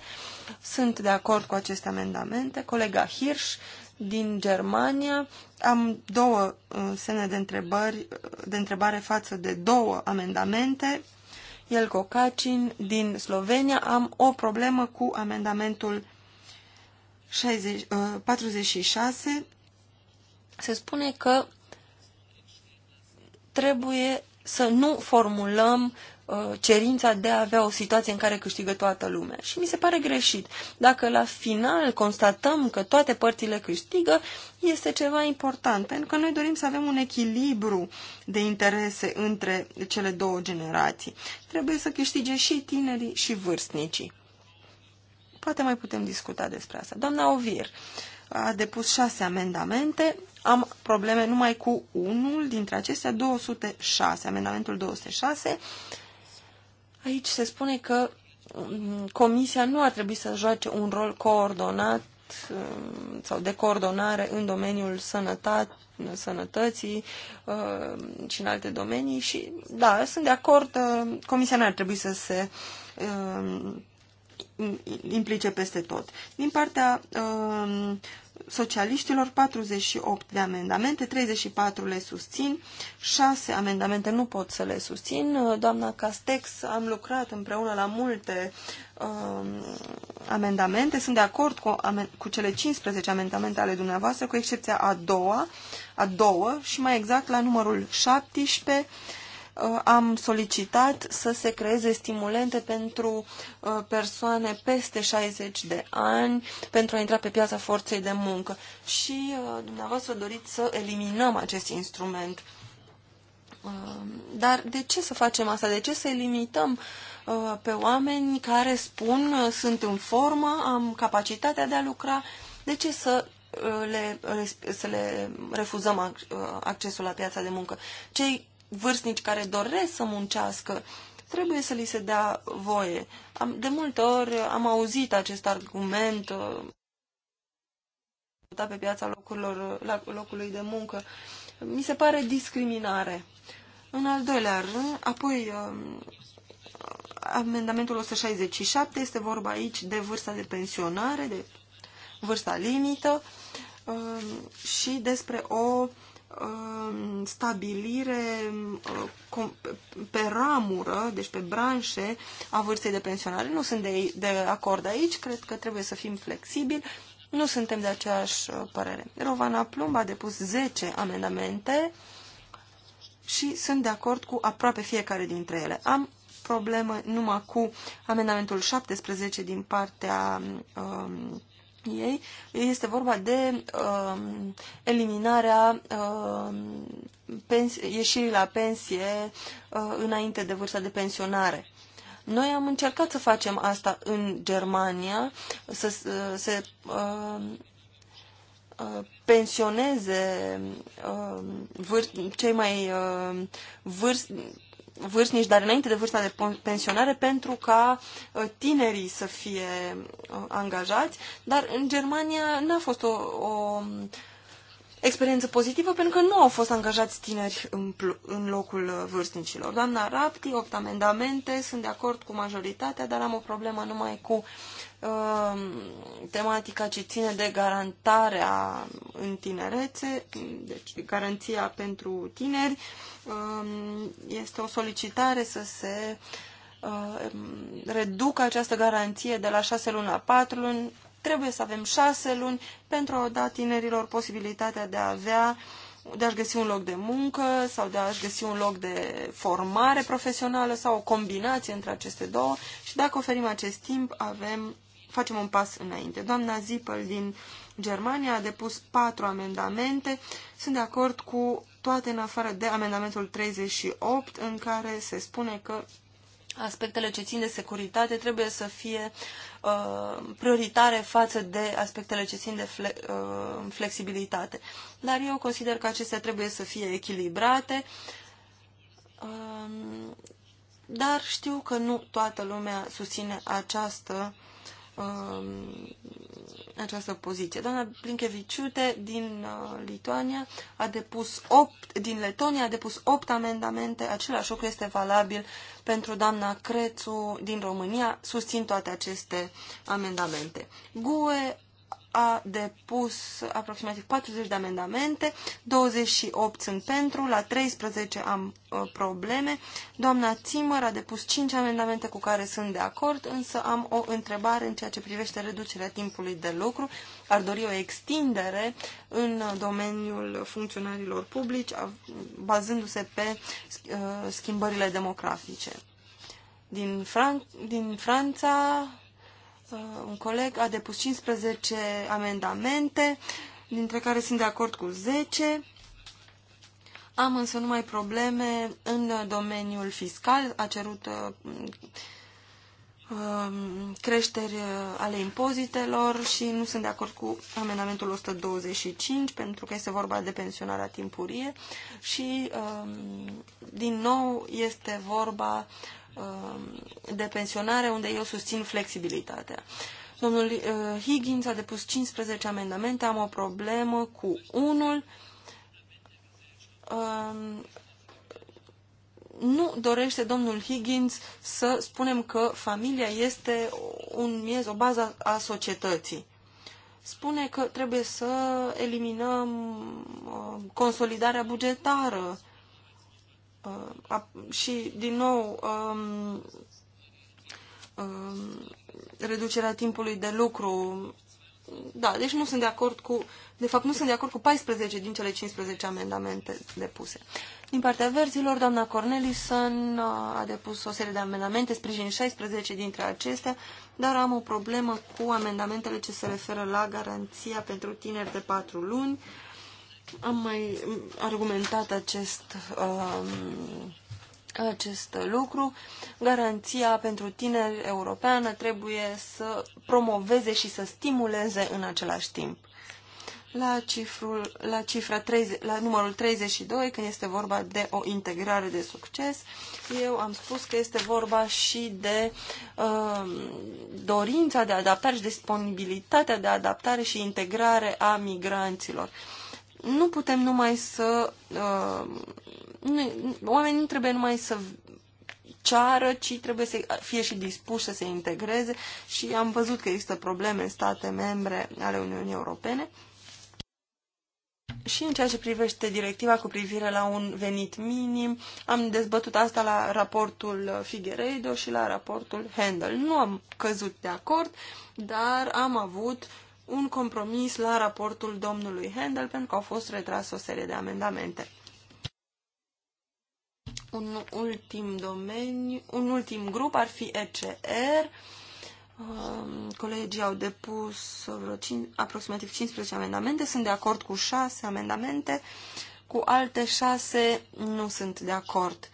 sunt de acord cu aceste amendamente. Colega Hirsch din Germania. Am două uh, semne de, întrebări, de întrebare față de două amendamente. El Cocacin din Slovenia. Am o problemă cu amendamentul 46 uh, se spune că trebuie să nu formulăm uh, cerința de a avea o situație în care câștigă toată lumea. Și mi se pare greșit. Dacă la final constatăm că toate părțile câștigă, este ceva important, pentru că noi dorim să avem un echilibru de interese între cele două generații. Trebuie să câștige și tinerii și vârstnicii. Poate mai putem discuta despre asta. Doamna Ovir a depus șase amendamente. Am probleme numai cu unul dintre acestea, 206, amendamentul 206. Aici se spune că mm, Comisia nu ar trebui să joace un rol coordonat mm, sau de coordonare în domeniul sănătate, sănătății mm, și în alte domenii și da, sunt de acord, comisia nu ar trebui să se implice peste tot. Din partea uh, socialiștilor, 48 de amendamente, 34 le susțin, 6 amendamente nu pot să le susțin. Doamna Castex, am lucrat împreună la multe um, amendamente, sunt de acord cu, cu cele 15 amendamente ale dumneavoastră, cu excepția a doua, a doua și mai exact la numărul 17, Uh, am solicitat să se creeze stimulente pentru uh, persoane peste 60 de ani pentru a intra pe piața forței de muncă. Și uh, dumneavoastră doriți să eliminăm acest instrument. Dar de ce să facem asta? De ce să limităm pe oameni care spun sunt în formă, am capacitatea de a lucra? De ce să le, să le refuzăm accesul la piața de muncă. Cei vârstnici care doresc să muncească, trebuie să li se dea voie. Am, de multe ori am auzit acest argument uh, pe piața locurilor, uh, la, locului de muncă. Mi se pare discriminare. În al doilea rând, apoi uh, amendamentul 167 este vorba aici de vârsta de pensionare, de vârsta limită uh, și despre o uh, Um, stabilire uh, pe ramură, deci pe branșe a vârstei de pensionare. Nu sunt de, de acord aici, cred că trebuie să fim flexibili. Nu suntem de aceeași uh, părere. Rovana Plumb a depus 10 amendamente și sunt de acord cu aproape fiecare dintre ele. Am problemă numai cu amendamentul 17 din partea um, ei este vorba de uh, eliminarea uh, ieșirii la pensie uh, înainte de vârsta de pensionare. Noi am încercat să facem asta în Germania, să uh, se um, uh, pensioneze uh, cei mai uh, vârst, vârstnici, dar înainte de vârsta de pensionare, pentru ca uh, tinerii să fie uh, angajați. Dar în Germania n-a fost o, o um, experiență pozitivă pentru că nu au fost angajați tineri în, în locul uh, vârstnicilor. Doamna Rapti, opt amendamente, sunt de acord cu majoritatea, dar am o problemă numai cu Um, tematica ce ține de garantarea în tinerețe, deci garanția pentru tineri, um, este o solicitare să se um, reducă această garanție de la 6 luni la 4 luni. Trebuie să avem 6 luni pentru a da tinerilor posibilitatea de a avea de a-și găsi un loc de muncă sau de a-și găsi un loc de formare profesională sau o combinație între aceste două și dacă oferim acest timp avem facem un pas înainte. Doamna Zippel din Germania a depus patru amendamente. Sunt de acord cu toate în afară de amendamentul 38 în care se spune că aspectele ce țin de securitate trebuie să fie uh, prioritare față de aspectele ce țin de fle uh, flexibilitate. Dar eu consider că acestea trebuie să fie echilibrate. Uh, dar știu că nu toată lumea susține această Um, această poziție. Doamna Blinkeviciute din uh, Lituania a depus 8, din Letonia a depus 8 amendamente, același lucru este valabil pentru doamna Crețu din România, susțin toate aceste amendamente. GUE a depus aproximativ 40 de amendamente, 28 sunt pentru, la 13 am uh, probleme. Doamna Țimăr a depus 5 amendamente cu care sunt de acord, însă am o întrebare în ceea ce privește reducerea timpului de lucru. Ar dori o extindere în domeniul funcționarilor publici, bazându-se pe uh, schimbările demografice. Din, Fran din Franța, Uh, un coleg a depus 15 amendamente, dintre care sunt de acord cu 10. Am însă numai probleme în domeniul fiscal. A cerut uh, uh, creșteri ale impozitelor și nu sunt de acord cu amendamentul 125 pentru că este vorba de pensionarea timpurie și din nou este vorba Um, de pensionare, unde eu susțin flexibilitatea. Domnul uh, Higgins a depus 15 amendamente, am o problemă cu unul. Um, nu dorește domnul Higgins să spunem că familia este un miez, o bază a societății spune că trebuie să eliminăm uh, consolidarea bugetară, Uh, și, din nou, um, um, reducerea timpului de lucru. Da, deci nu sunt de acord cu, de fapt nu sunt de acord cu 14 din cele 15 amendamente depuse. Din partea verzilor, doamna Cornelison uh, a depus o serie de amendamente, sprijin 16 dintre acestea, dar am o problemă cu amendamentele ce se referă la garanția pentru tineri de 4 luni, am mai argumentat acest, um, acest lucru. Garanția pentru tineri europeană trebuie să promoveze și să stimuleze în același timp. La, cifrul, la, cifra 30, la numărul 32, când este vorba de o integrare de succes, eu am spus că este vorba și de uh, dorința de adaptare și disponibilitatea de adaptare și integrare a migranților. Uh, nu putem numai să... Uh, oamenii nu trebuie numai să ceară, ci trebuie să fie și dispuși să se integreze și am văzut că există probleme în state membre ale Uniunii Europene. Și în ceea ce privește directiva cu privire la un venit minim, am dezbătut asta la raportul Figueiredo și la raportul Handel. Nu am căzut de acord, dar am avut uh, un compromis la raportul domnului Handel, pentru că au fost retrase o serie de amendamente. Un ultim domeniu, un ultim grup ar fi ECR. Um, colegii au depus vreo 5, aproximativ 15 amendamente. Sunt de acord cu 6 amendamente. Cu alte 6 nu sunt de acord.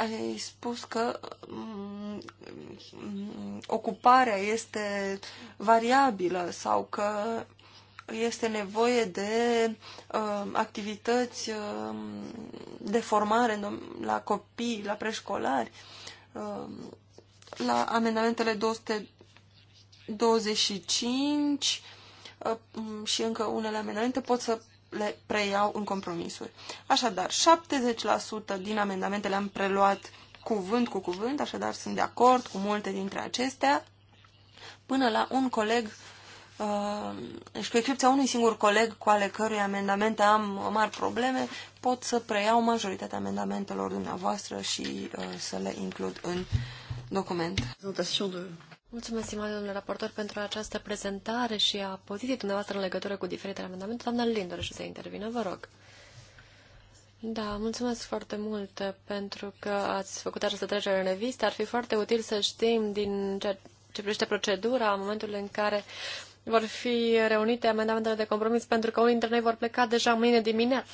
ai spus că mm, mm, ocuparea este variabilă sau că este nevoie de uh, activități uh, de formare la copii, la preșcolari. Uh, la amendamentele 225 uh, mm, și încă unele amendamente pot să le preiau în compromisuri. Așadar, 70% din amendamente le-am preluat cuvânt cu cuvânt, așadar sunt de acord cu multe dintre acestea, până la un coleg, uh, și cu excepția unui singur coleg cu ale cărui amendamente am mari probleme, pot să preiau majoritatea amendamentelor dumneavoastră și uh, să le includ în document. de Mulțumesc, stimate domnule raportor, pentru această prezentare și a poziției dumneavoastră în legătură cu diferitele amendamente. Doamna Lindor, și să intervină, vă rog. Da, mulțumesc foarte mult pentru că ați făcut această trecere în revistă. Ar fi foarte util să știm din ce, ce privește procedura, în momentul în care vor fi reunite amendamentele de compromis, pentru că unii dintre noi vor pleca deja mâine dimineață.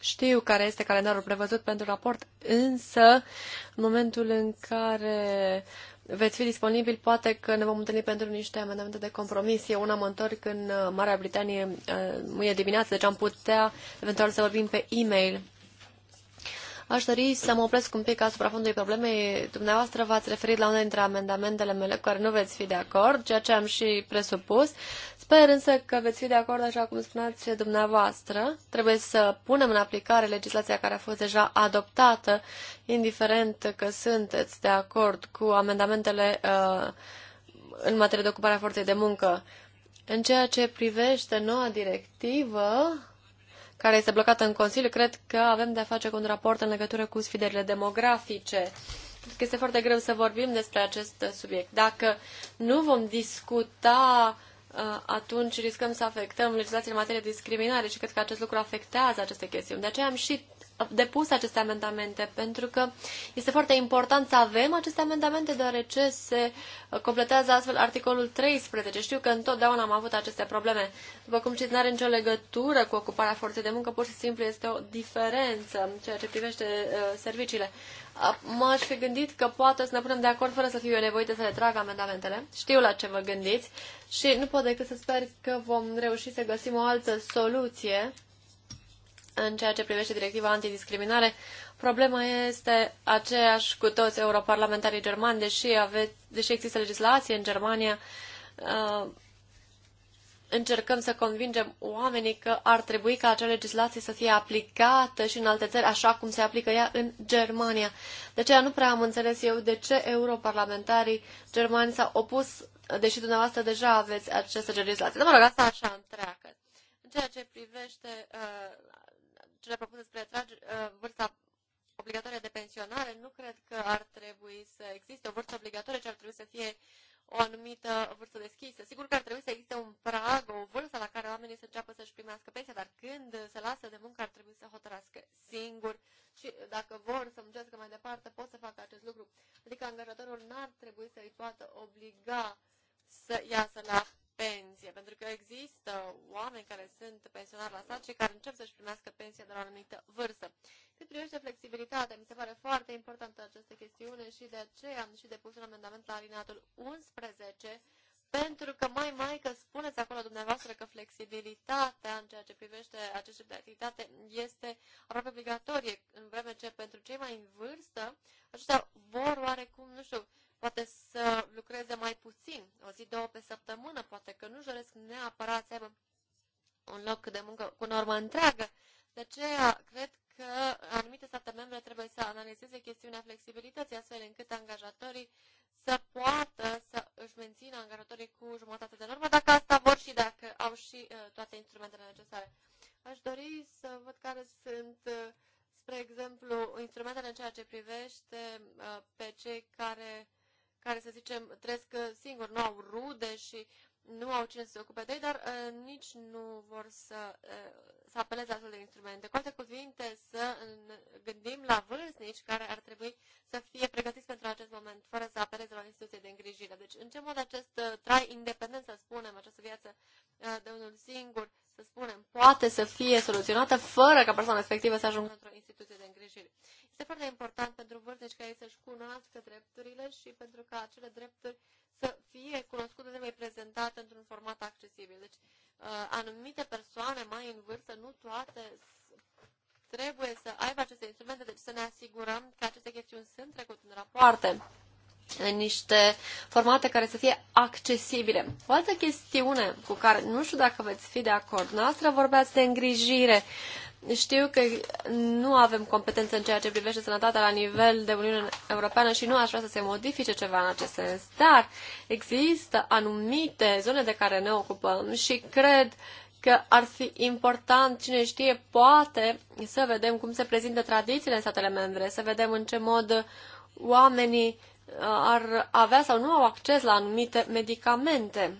Știu care este calendarul prevăzut pentru raport, însă în momentul în care veți fi disponibil, poate că ne vom întâlni pentru niște amendamente de compromis. Eu una mă întorc în uh, Marea Britanie uh, mâine dimineață, deci am putea eventual să vorbim pe e-mail. Aș dori să mă opresc un pic asupra fondului problemei. Dumneavoastră v-ați referit la unul dintre amendamentele mele cu care nu veți fi de acord, ceea ce am și presupus. Sper însă că veți fi de acord, așa cum spuneați dumneavoastră. Trebuie să punem în aplicare legislația care a fost deja adoptată, indiferent că sunteți de acord cu amendamentele uh, în materie de ocupare a forței de muncă. În ceea ce privește noua directivă, care este blocată în Consiliu, cred că avem de-a face cu un raport în legătură cu sfiderile demografice. Cred că este foarte greu să vorbim despre acest subiect. Dacă nu vom discuta uh, Uh, atunci riscăm să afectăm legislația în materie de discriminare și cred că acest lucru afectează aceste chestiuni. De aceea am și uh, depus aceste amendamente, pentru că este foarte important să avem aceste amendamente, deoarece se uh, completează astfel articolul 13. Știu că întotdeauna am avut aceste probleme. După cum știți, nu are nicio legătură cu ocuparea forței de muncă, pur și simplu este o diferență în ceea ce privește uh, serviciile m-aș fi gândit că poate să ne punem de acord fără să fiu eu nevoită să le trag amendamentele. Știu la ce vă gândiți și nu pot decât să sper că vom reuși să găsim o altă soluție în ceea ce privește directiva antidiscriminare. Problema este aceeași cu toți europarlamentarii germani, deși, aveți, deși există legislație în Germania, uh, încercăm să convingem oamenii că ar trebui ca acea legislație să fie aplicată și în alte țări, așa cum se aplică ea în Germania. De aceea nu prea am înțeles eu de ce europarlamentarii germani s-au opus, deși dumneavoastră deja aveți această legislație. Dar mă rog, asta așa întreagă. În ceea ce privește uh, cele propuse spre uh, vârsta obligatorie de pensionare, nu cred că ar trebui să existe o vârstă obligatorie, ci ar trebui să fie uh, o anumită vârstă deschisă. Sigur că ar trebui să existe un prag, o vârstă la care oamenii să înceapă să-și primească pensia, dar când se lasă de muncă ar trebui să hotărască singur și dacă vor să muncească mai departe, pot să facă acest lucru. Adică angajatorul n-ar trebui să îi poată obliga să iasă la pensie, pentru că există oameni care sunt pensionari la stat și care încep să-și primească pensia de la o anumită vârstă. Cât privește flexibilitatea, mi se pare foarte importantă această chestiune și de aceea am și depus un amendament la alineatul 11, pentru că mai mai că spuneți acolo dumneavoastră că flexibilitatea în ceea ce privește acest tip de activitate este aproape obligatorie, în vreme ce pentru cei mai în vârstă, aceștia vor oarecum, nu știu, poate să lucreze mai puțin, o zi, două pe săptămână, poate că nu-și doresc neapărat să aibă un loc de muncă cu normă întreagă. De aceea, cred că anumite state membre trebuie să analizeze chestiunea flexibilității, astfel încât angajatorii să poată să își mențină angajatorii cu jumătate de normă, dacă asta vor și dacă au și uh, toate instrumentele necesare. Aș dori să văd care sunt, uh, spre exemplu, instrumentele în ceea ce privește uh, pe cei care care, să zicem, trăiesc uh, singuri, nu au rude și nu au cine să se ocupe de ei, dar uh, nici nu vor să, uh, să apeleze astfel de instrumente. Cu alte cuvinte, să gândim la vârstnici care ar trebui să fie pregătiți pentru acest moment, fără să apeleze la o instituție de îngrijire. Deci, în ce mod acest uh, trai independent, să spunem, această viață uh, de unul singur, să spunem, poate să fie soluționată fără ca persoana respectivă să ajungă într-o instituție de îngrijire. Este foarte important pentru vârstnici ca ei să-și cunoască drepturile și pentru ca acele drepturi să fie cunoscută, trebuie prezentată într-un format accesibil. Deci, uh, anumite persoane mai în vârstă, nu toate trebuie să aibă aceste instrumente, deci să ne asigurăm că aceste chestiuni sunt trecute în rapoarte în niște formate care să fie accesibile. O altă chestiune cu care nu știu dacă veți fi de acord, noastră vorbeați de îngrijire știu că nu avem competență în ceea ce privește sănătatea la nivel de Uniune Europeană și nu aș vrea să se modifice ceva în acest sens, dar există anumite zone de care ne ocupăm și cred că ar fi important, cine știe, poate să vedem cum se prezintă tradițiile în statele membre, să vedem în ce mod oamenii uh, ar avea sau nu au acces la anumite medicamente.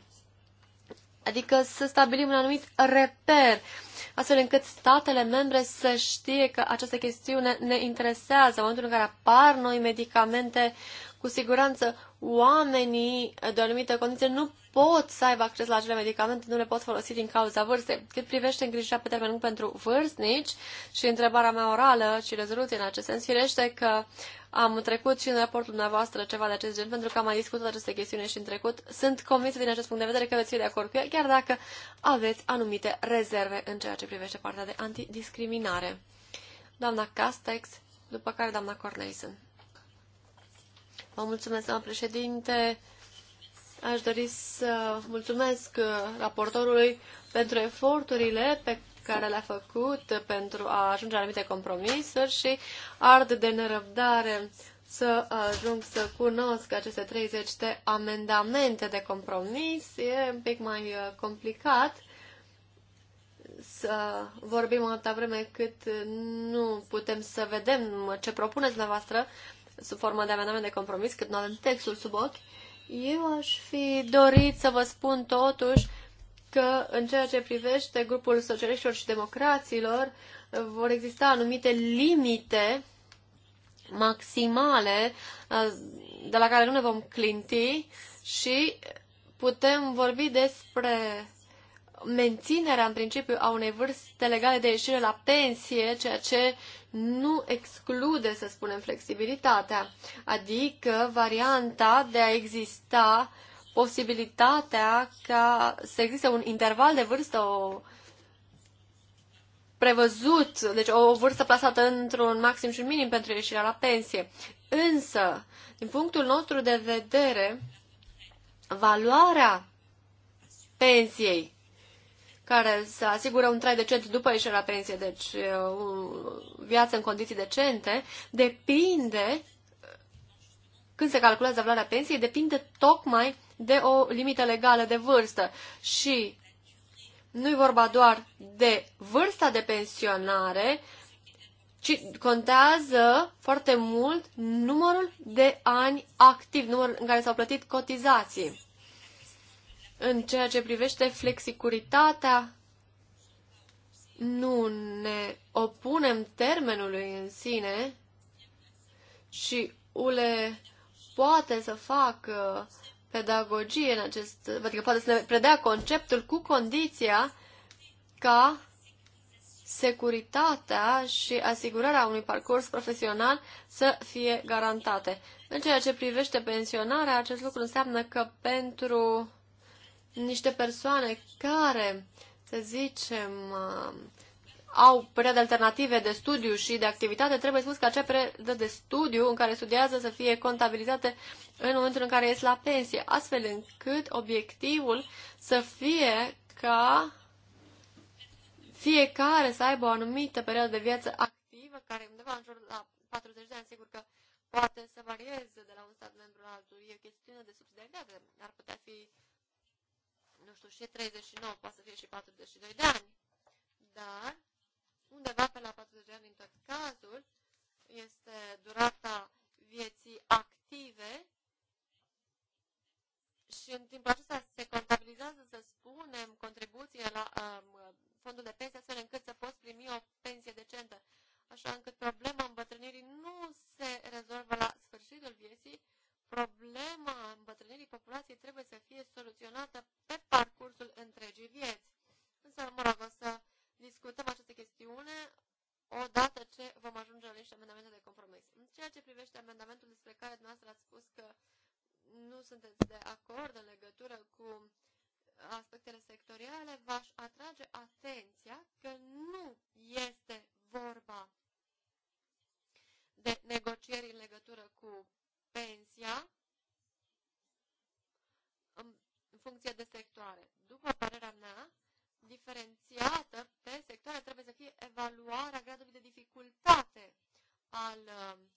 Adică să stabilim un anumit reper, astfel încât statele membre să știe că această chestiune ne interesează. În momentul în care apar noi medicamente, cu siguranță oamenii de o anumită condiție nu pot să aibă acces la acele medicamente, nu le pot folosi din cauza vârstei. Cât privește îngrijirea pe termen lung pentru vârstnici și întrebarea mea orală și rezoluție în acest sens, firește că am trecut și în raportul dumneavoastră ceva de acest gen, pentru că am mai discutat aceste chestiuni și în trecut. Sunt convinsă din acest punct de vedere că veți fi de acord cu ea, chiar dacă aveți anumite rezerve în ceea ce privește partea de antidiscriminare. Doamna Castex, după care doamna Cornelison. Vă mulțumesc, doamna președinte. Aș dori să mulțumesc uh, raportorului pentru eforturile pe care le-a făcut pentru a ajunge la anumite compromisuri și ard de nerăbdare să ajung să cunosc aceste 30 de amendamente de compromis. E un pic mai uh, complicat să vorbim atâta vreme cât nu putem să vedem ce propuneți dumneavoastră sub formă de amendament de compromis, cât nu avem textul sub ochi. Eu aș fi dorit să vă spun totuși că în ceea ce privește grupul socialiștilor și democraților vor exista anumite limite maximale uh, de la care nu ne vom clinti și putem vorbi despre menținerea în principiu a unei vârste legale de ieșire la pensie, ceea ce nu exclude, să spunem, flexibilitatea, adică varianta de a exista uh, posibilitatea ca să existe un interval de vârstă o prevăzut, deci o vârstă plasată într-un maxim și un minim pentru ieșirea la pensie. Însă, din punctul nostru de vedere, valoarea pensiei care să asigură un trai decent după ieșirea la pensie, deci viață în condiții decente, depinde, când se calculează valoarea pensiei, depinde tocmai de o limită legală de vârstă și nu-i vorba doar de vârsta de pensionare, ci contează foarte mult numărul de ani activ, numărul în care s-au plătit cotizații. În ceea ce privește flexicuritatea, nu ne opunem termenului în sine și ULE poate să facă pedagogie în acest... Adică poate să ne predea conceptul cu condiția ca securitatea și asigurarea unui parcurs profesional să fie garantate. În ceea ce privește pensionarea, acest lucru înseamnă că pentru niște persoane care, să zicem, au perioade alternative de studiu și de activitate, trebuie spus că acea perioadă de studiu în care studiază să fie contabilizate în momentul în care ies la pensie, astfel încât obiectivul să fie ca fiecare să aibă o anumită perioadă de viață activă, care undeva în jur la 40 de ani, sigur că poate să varieze de la un stat membru la altul. E o chestiune de subsidiaritate. Ar putea fi, nu știu, și 39, poate să fie și 42 de ani. Dar undeva pe la 40 de ani în tot cazul, este durata vieții active și în timpul acesta se contabilizează, să spunem, contribuțiile la um, fondul de pensie, astfel încât să poți primi o pensie decentă. Așa încât problema îmbătrânirii nu se rezolvă la sfârșitul vieții, problema îmbătrânirii populației trebuie să fie soluționată pe parcursul întregii vieți. Însă, mă rog, o să discutăm această chestiune odată ce vom ajunge la niște amendamente de compromis. În ceea ce privește amendamentul despre care dumneavoastră ați spus că nu sunteți de acord în legătură cu aspectele sectoriale, v-aș atrage atenția că nu este vorba de negocieri în legătură cu pensia în funcție de sectoare. După părerea mea, diferențiată pe sectoare trebuie să fie evaluarea gradului de dificultate al um,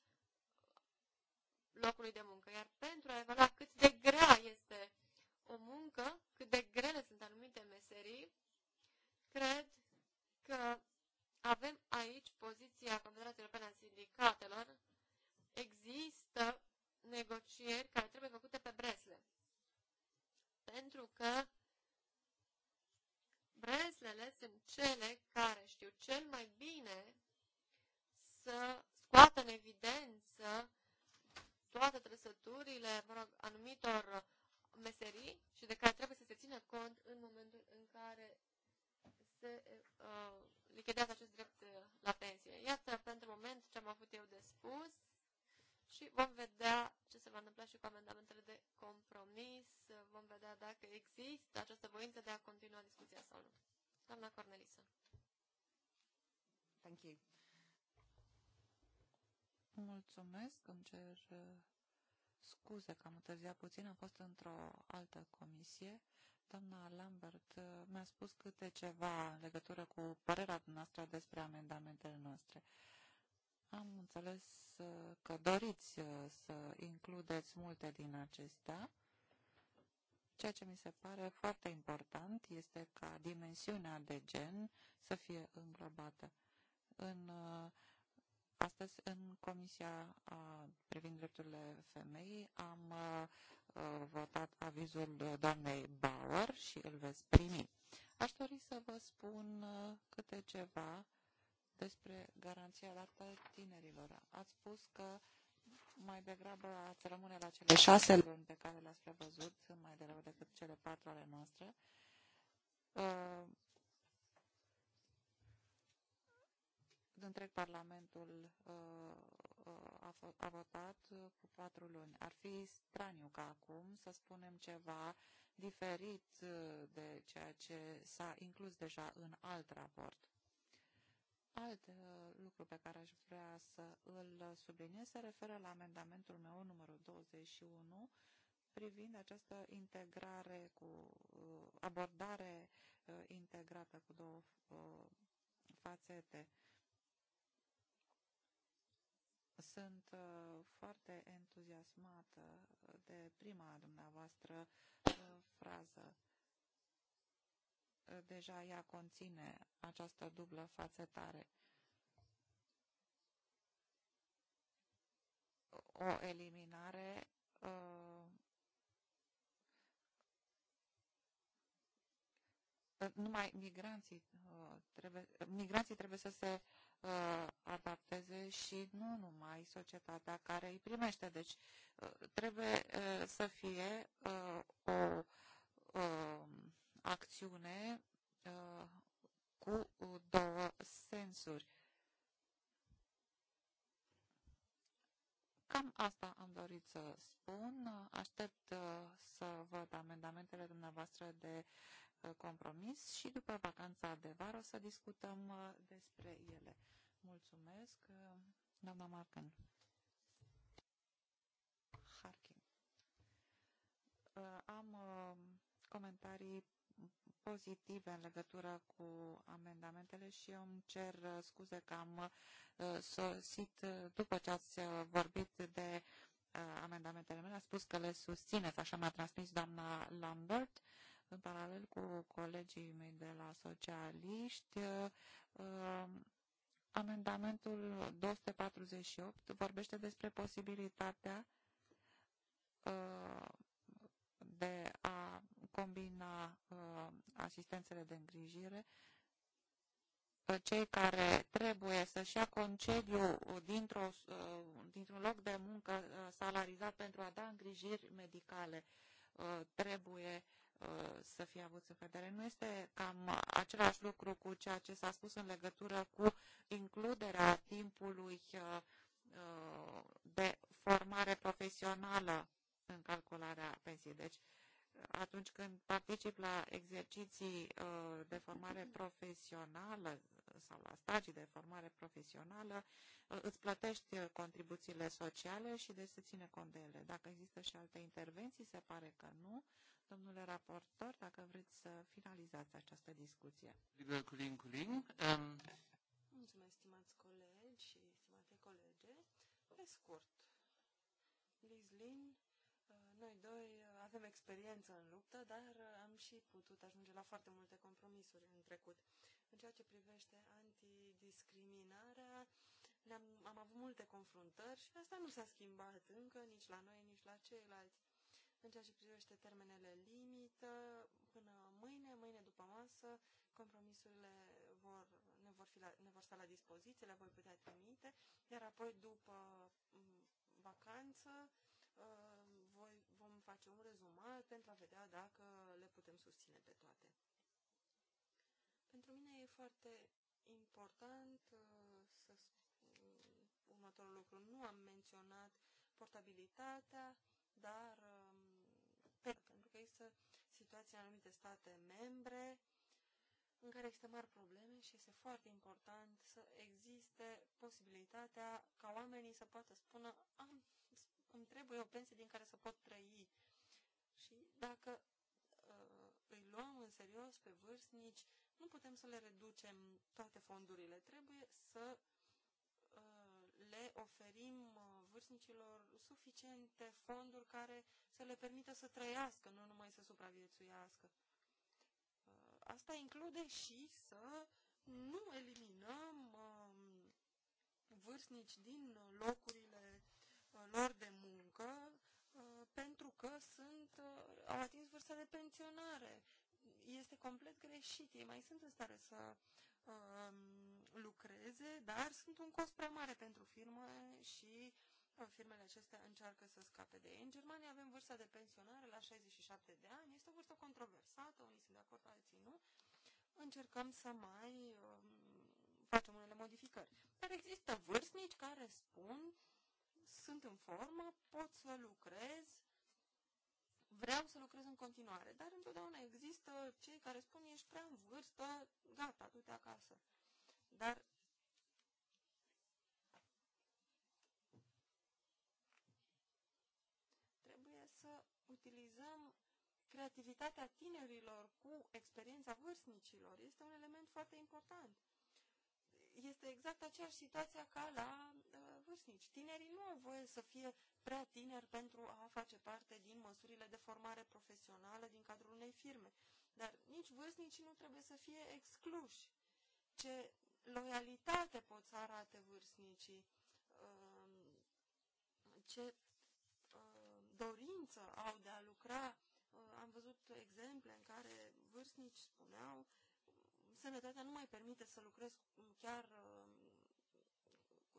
locului de muncă. Iar pentru a evalua cât de grea este o muncă, cât de grele sunt anumite meserii, cred că avem aici poziția Confederației Europene a Sindicatelor. Există negocieri care trebuie făcute pe bresle. Pentru că Breslele sunt cele care știu cel mai bine să scoată în evidență toate trăsăturile, mă rog, anumitor meserii și de care trebuie să se țină cont în momentul în care se uh, lichidează acest drept uh, la pensie. Iată, pentru moment, ce am avut eu de spus și vom vedea ce se va întâmpla și cu amendamentele de compromis, vom vedea dacă există această voință de a continua discuția sau nu. Doamna Cornelisa. Thank you. Mulțumesc, îmi cer uh, scuze că am întârziat puțin, am fost într-o altă comisie. Doamna Lambert uh, mi-a spus câte ceva în legătură cu părerea dumneavoastră despre amendamentele noastre. Uh, am înțeles uh, că doriți uh, să includeți multe din acestea. Ceea ce mi se pare foarte important este ca dimensiunea de gen să fie înglobată. În, uh, astăzi, în Comisia privind drepturile femeii, am votat avizul doamnei Bauer și îl veți primi. Aș dori să vă spun câte ceva despre garanția dată tinerilor. Ați spus că mai degrabă ați rămâne la cele șase luni pe care le-ați prevăzut, mai degrabă decât cele patru ale noastre. Uh, întreg Parlamentul uh, a, a votat cu patru luni. Ar fi straniu ca acum să spunem ceva diferit uh, de ceea ce s-a inclus deja în alt raport. Alt uh, lucru pe care aș vrea să îl subliniez se referă la amendamentul meu numărul 21 privind această integrare cu uh, abordare uh, integrată cu două fațete. Sunt foarte entuziasmată de prima dumneavoastră frază deja ea conține această dublă fațetare. O eliminare uh, numai migranții uh, trebuie, migranții trebuie să se uh, adapteze și nu numai societatea care îi primește. Deci uh, trebuie uh, să fie uh, o uh, acțiune uh, cu uh, două sensuri. Cam asta am dorit să spun. Aștept uh, să văd amendamentele dumneavoastră de compromis și după vacanța de vară o să discutăm despre ele. Mulțumesc, doamna Marcan. Harkin. Am comentarii pozitive în legătură cu amendamentele și eu îmi cer uh, scuze că am uh, sosit uh, după ce ați vorbit de amendamentele mele. A spus că le susțineți, așa mi-a transmis doamna Lambert în paralel cu colegii mei de la socialiști, amendamentul 248 vorbește despre posibilitatea de a combina uh, asistențele de îngrijire, uh, cei care trebuie să-și ia concediu dintr un uh, dintr-un loc de muncă salarizat pentru a da îngrijiri medicale trebuie să fie avut în vedere. Nu este cam același lucru cu ceea ce s-a spus în legătură cu includerea timpului de formare profesională în calcularea pensiei. Deci atunci când particip la exerciții uh, de formare profesională sau la stagii de formare profesională, uh, îți plătești uh, contribuțiile sociale și de se ține cont de ele. Dacă există și alte intervenții, se pare că nu. Domnule raportor, dacă vreți să finalizați această discuție. Culin, culin. Um... Mulțumesc, stimați colegi și stimate colege. Pe scurt, Lizlin, noi doi avem experiență în luptă, dar am și putut ajunge la foarte multe compromisuri în trecut. În ceea ce privește antidiscriminarea, ne-am, am avut multe confruntări și asta nu s-a schimbat încă nici la noi, nici la ceilalți. În ceea ce privește termenele limită, până mâine, mâine după masă, compromisurile vor, ne, vor fi la, ne vor sta la dispoziție, le voi putea trimite, iar apoi după mm, vacanță, uh, face un rezumat pentru a vedea dacă le putem susține pe toate. Pentru mine e foarte important uh, să următorul lucru. Nu am menționat portabilitatea, dar um, pentru că există situații în anumite state membre în care există mari probleme și este foarte important să existe posibilitatea ca oamenii să poată spune am îmi trebuie o pensie din care să pot trăi. Și dacă uh, îi luăm în serios pe vârstnici, nu putem să le reducem toate fondurile. Trebuie să uh, le oferim uh, vârstnicilor suficiente fonduri care să le permită să trăiască, nu numai să supraviețuiască. Uh, asta include și să nu eliminăm um, vârstnici din locurile uh, lor de au atins vârsta de pensionare. Este complet greșit. Ei mai sunt în stare să uh, lucreze, dar sunt un cost prea mare pentru firme și uh, firmele acestea încearcă să scape de ei. În Germania avem vârsta de pensionare la 67 de ani. Este o vârstă controversată, unii sunt de acord, alții nu. Încercăm să mai uh, facem unele modificări. Dar există vârstnici care spun sunt în formă, pot să lucrez, vreau să lucrez în continuare, dar întotdeauna există cei care spun ești prea în vârstă, gata, du-te acasă. Dar trebuie să utilizăm creativitatea tinerilor cu experiența vârstnicilor. Este un element foarte important. Este exact aceeași situație ca la uh, vârstnici. Tinerii nu au voie să fie prea tineri pentru a face parte din măsurile de formare profesională din cadrul unei firme. Dar nici vârstnicii nu trebuie să fie excluși. Ce loialitate pot să arate vârstnicii, um, ce um, dorință au de a lucra. Uh, am văzut exemple în care vârstnici spuneau sănătatea nu mai permite să lucrez chiar um,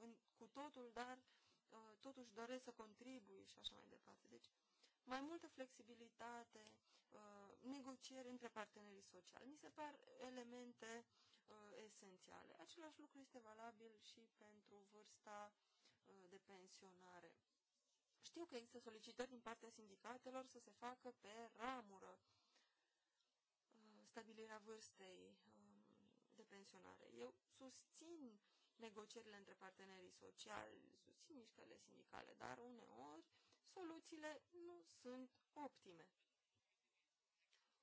în, cu totul, dar Uh, totuși doresc să contribui și așa mai departe. Deci, mai multă flexibilitate, uh, negocieri între partenerii sociali, mi se par elemente uh, esențiale. Același lucru este valabil și pentru vârsta de pensionare. Știu că există solicitări din partea sindicatelor să se facă pe ramură stabilirea vârstei um, de pensionare. Eu susțin negocierile între partenerii sociali, susțin mișcările sindicale, dar uneori soluțiile nu sunt optime.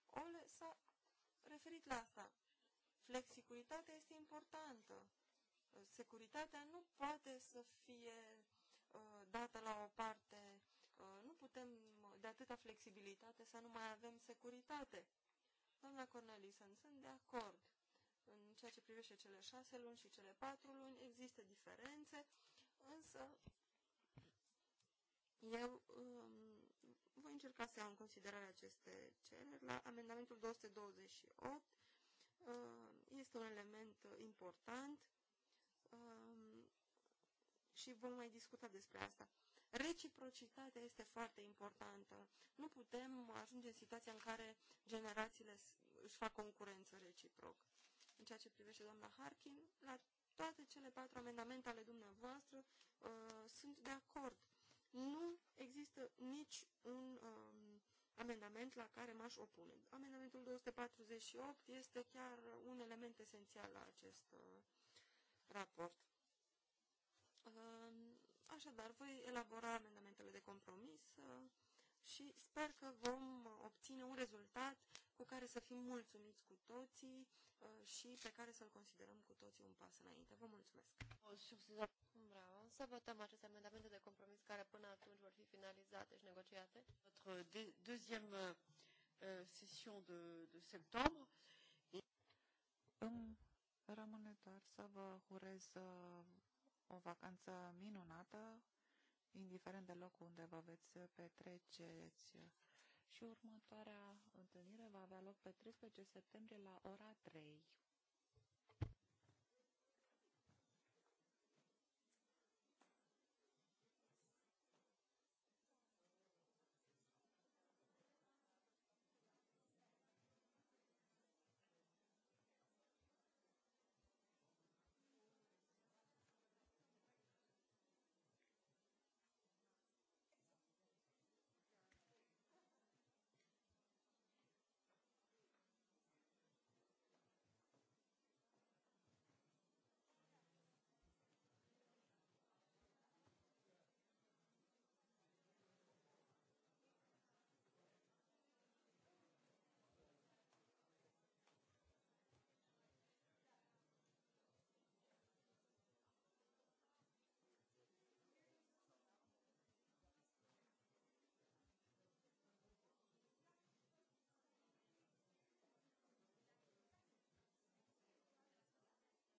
Ole s-a referit la asta. Flexicuritatea este importantă. Securitatea nu poate să fie uh, dată la o parte. Uh, nu putem de atâta flexibilitate să nu mai avem securitate. Doamna Cornelison, sunt de acord în ceea ce privește cele șase luni și cele patru luni, există diferențe, însă eu um, voi încerca să iau în considerare aceste cereri. La amendamentul 228 um, uh, este un element important um, și vom mai discuta despre asta. Reciprocitatea este foarte importantă. Nu putem ajunge în situația în care generațiile își fac concurență reciproc în ceea ce privește doamna Harkin, la toate cele patru amendamente ale dumneavoastră uh, sunt de acord. Nu există nici un um, amendament la care m-aș opune. Amendamentul 248 este chiar un element esențial la acest uh, raport. Uh, așadar, voi elabora amendamentele de compromis uh, și sper că vom obține un rezultat cu care să fim mulțumiți cu toții Uh, și pe care să-l considerăm cu toții un pas înainte. Vă mulțumesc! Bravo! Să votăm aceste amendamente de compromis care până atunci vor fi finalizate și negociate. Notre deuxième euh, euh, session de, de septembre. Îmi rămâne doar să vă urez uh, o vacanță minunată, indiferent de locul unde vă veți petreceți și următoarea întâlnire va avea loc pe 13 septembrie la ora 3.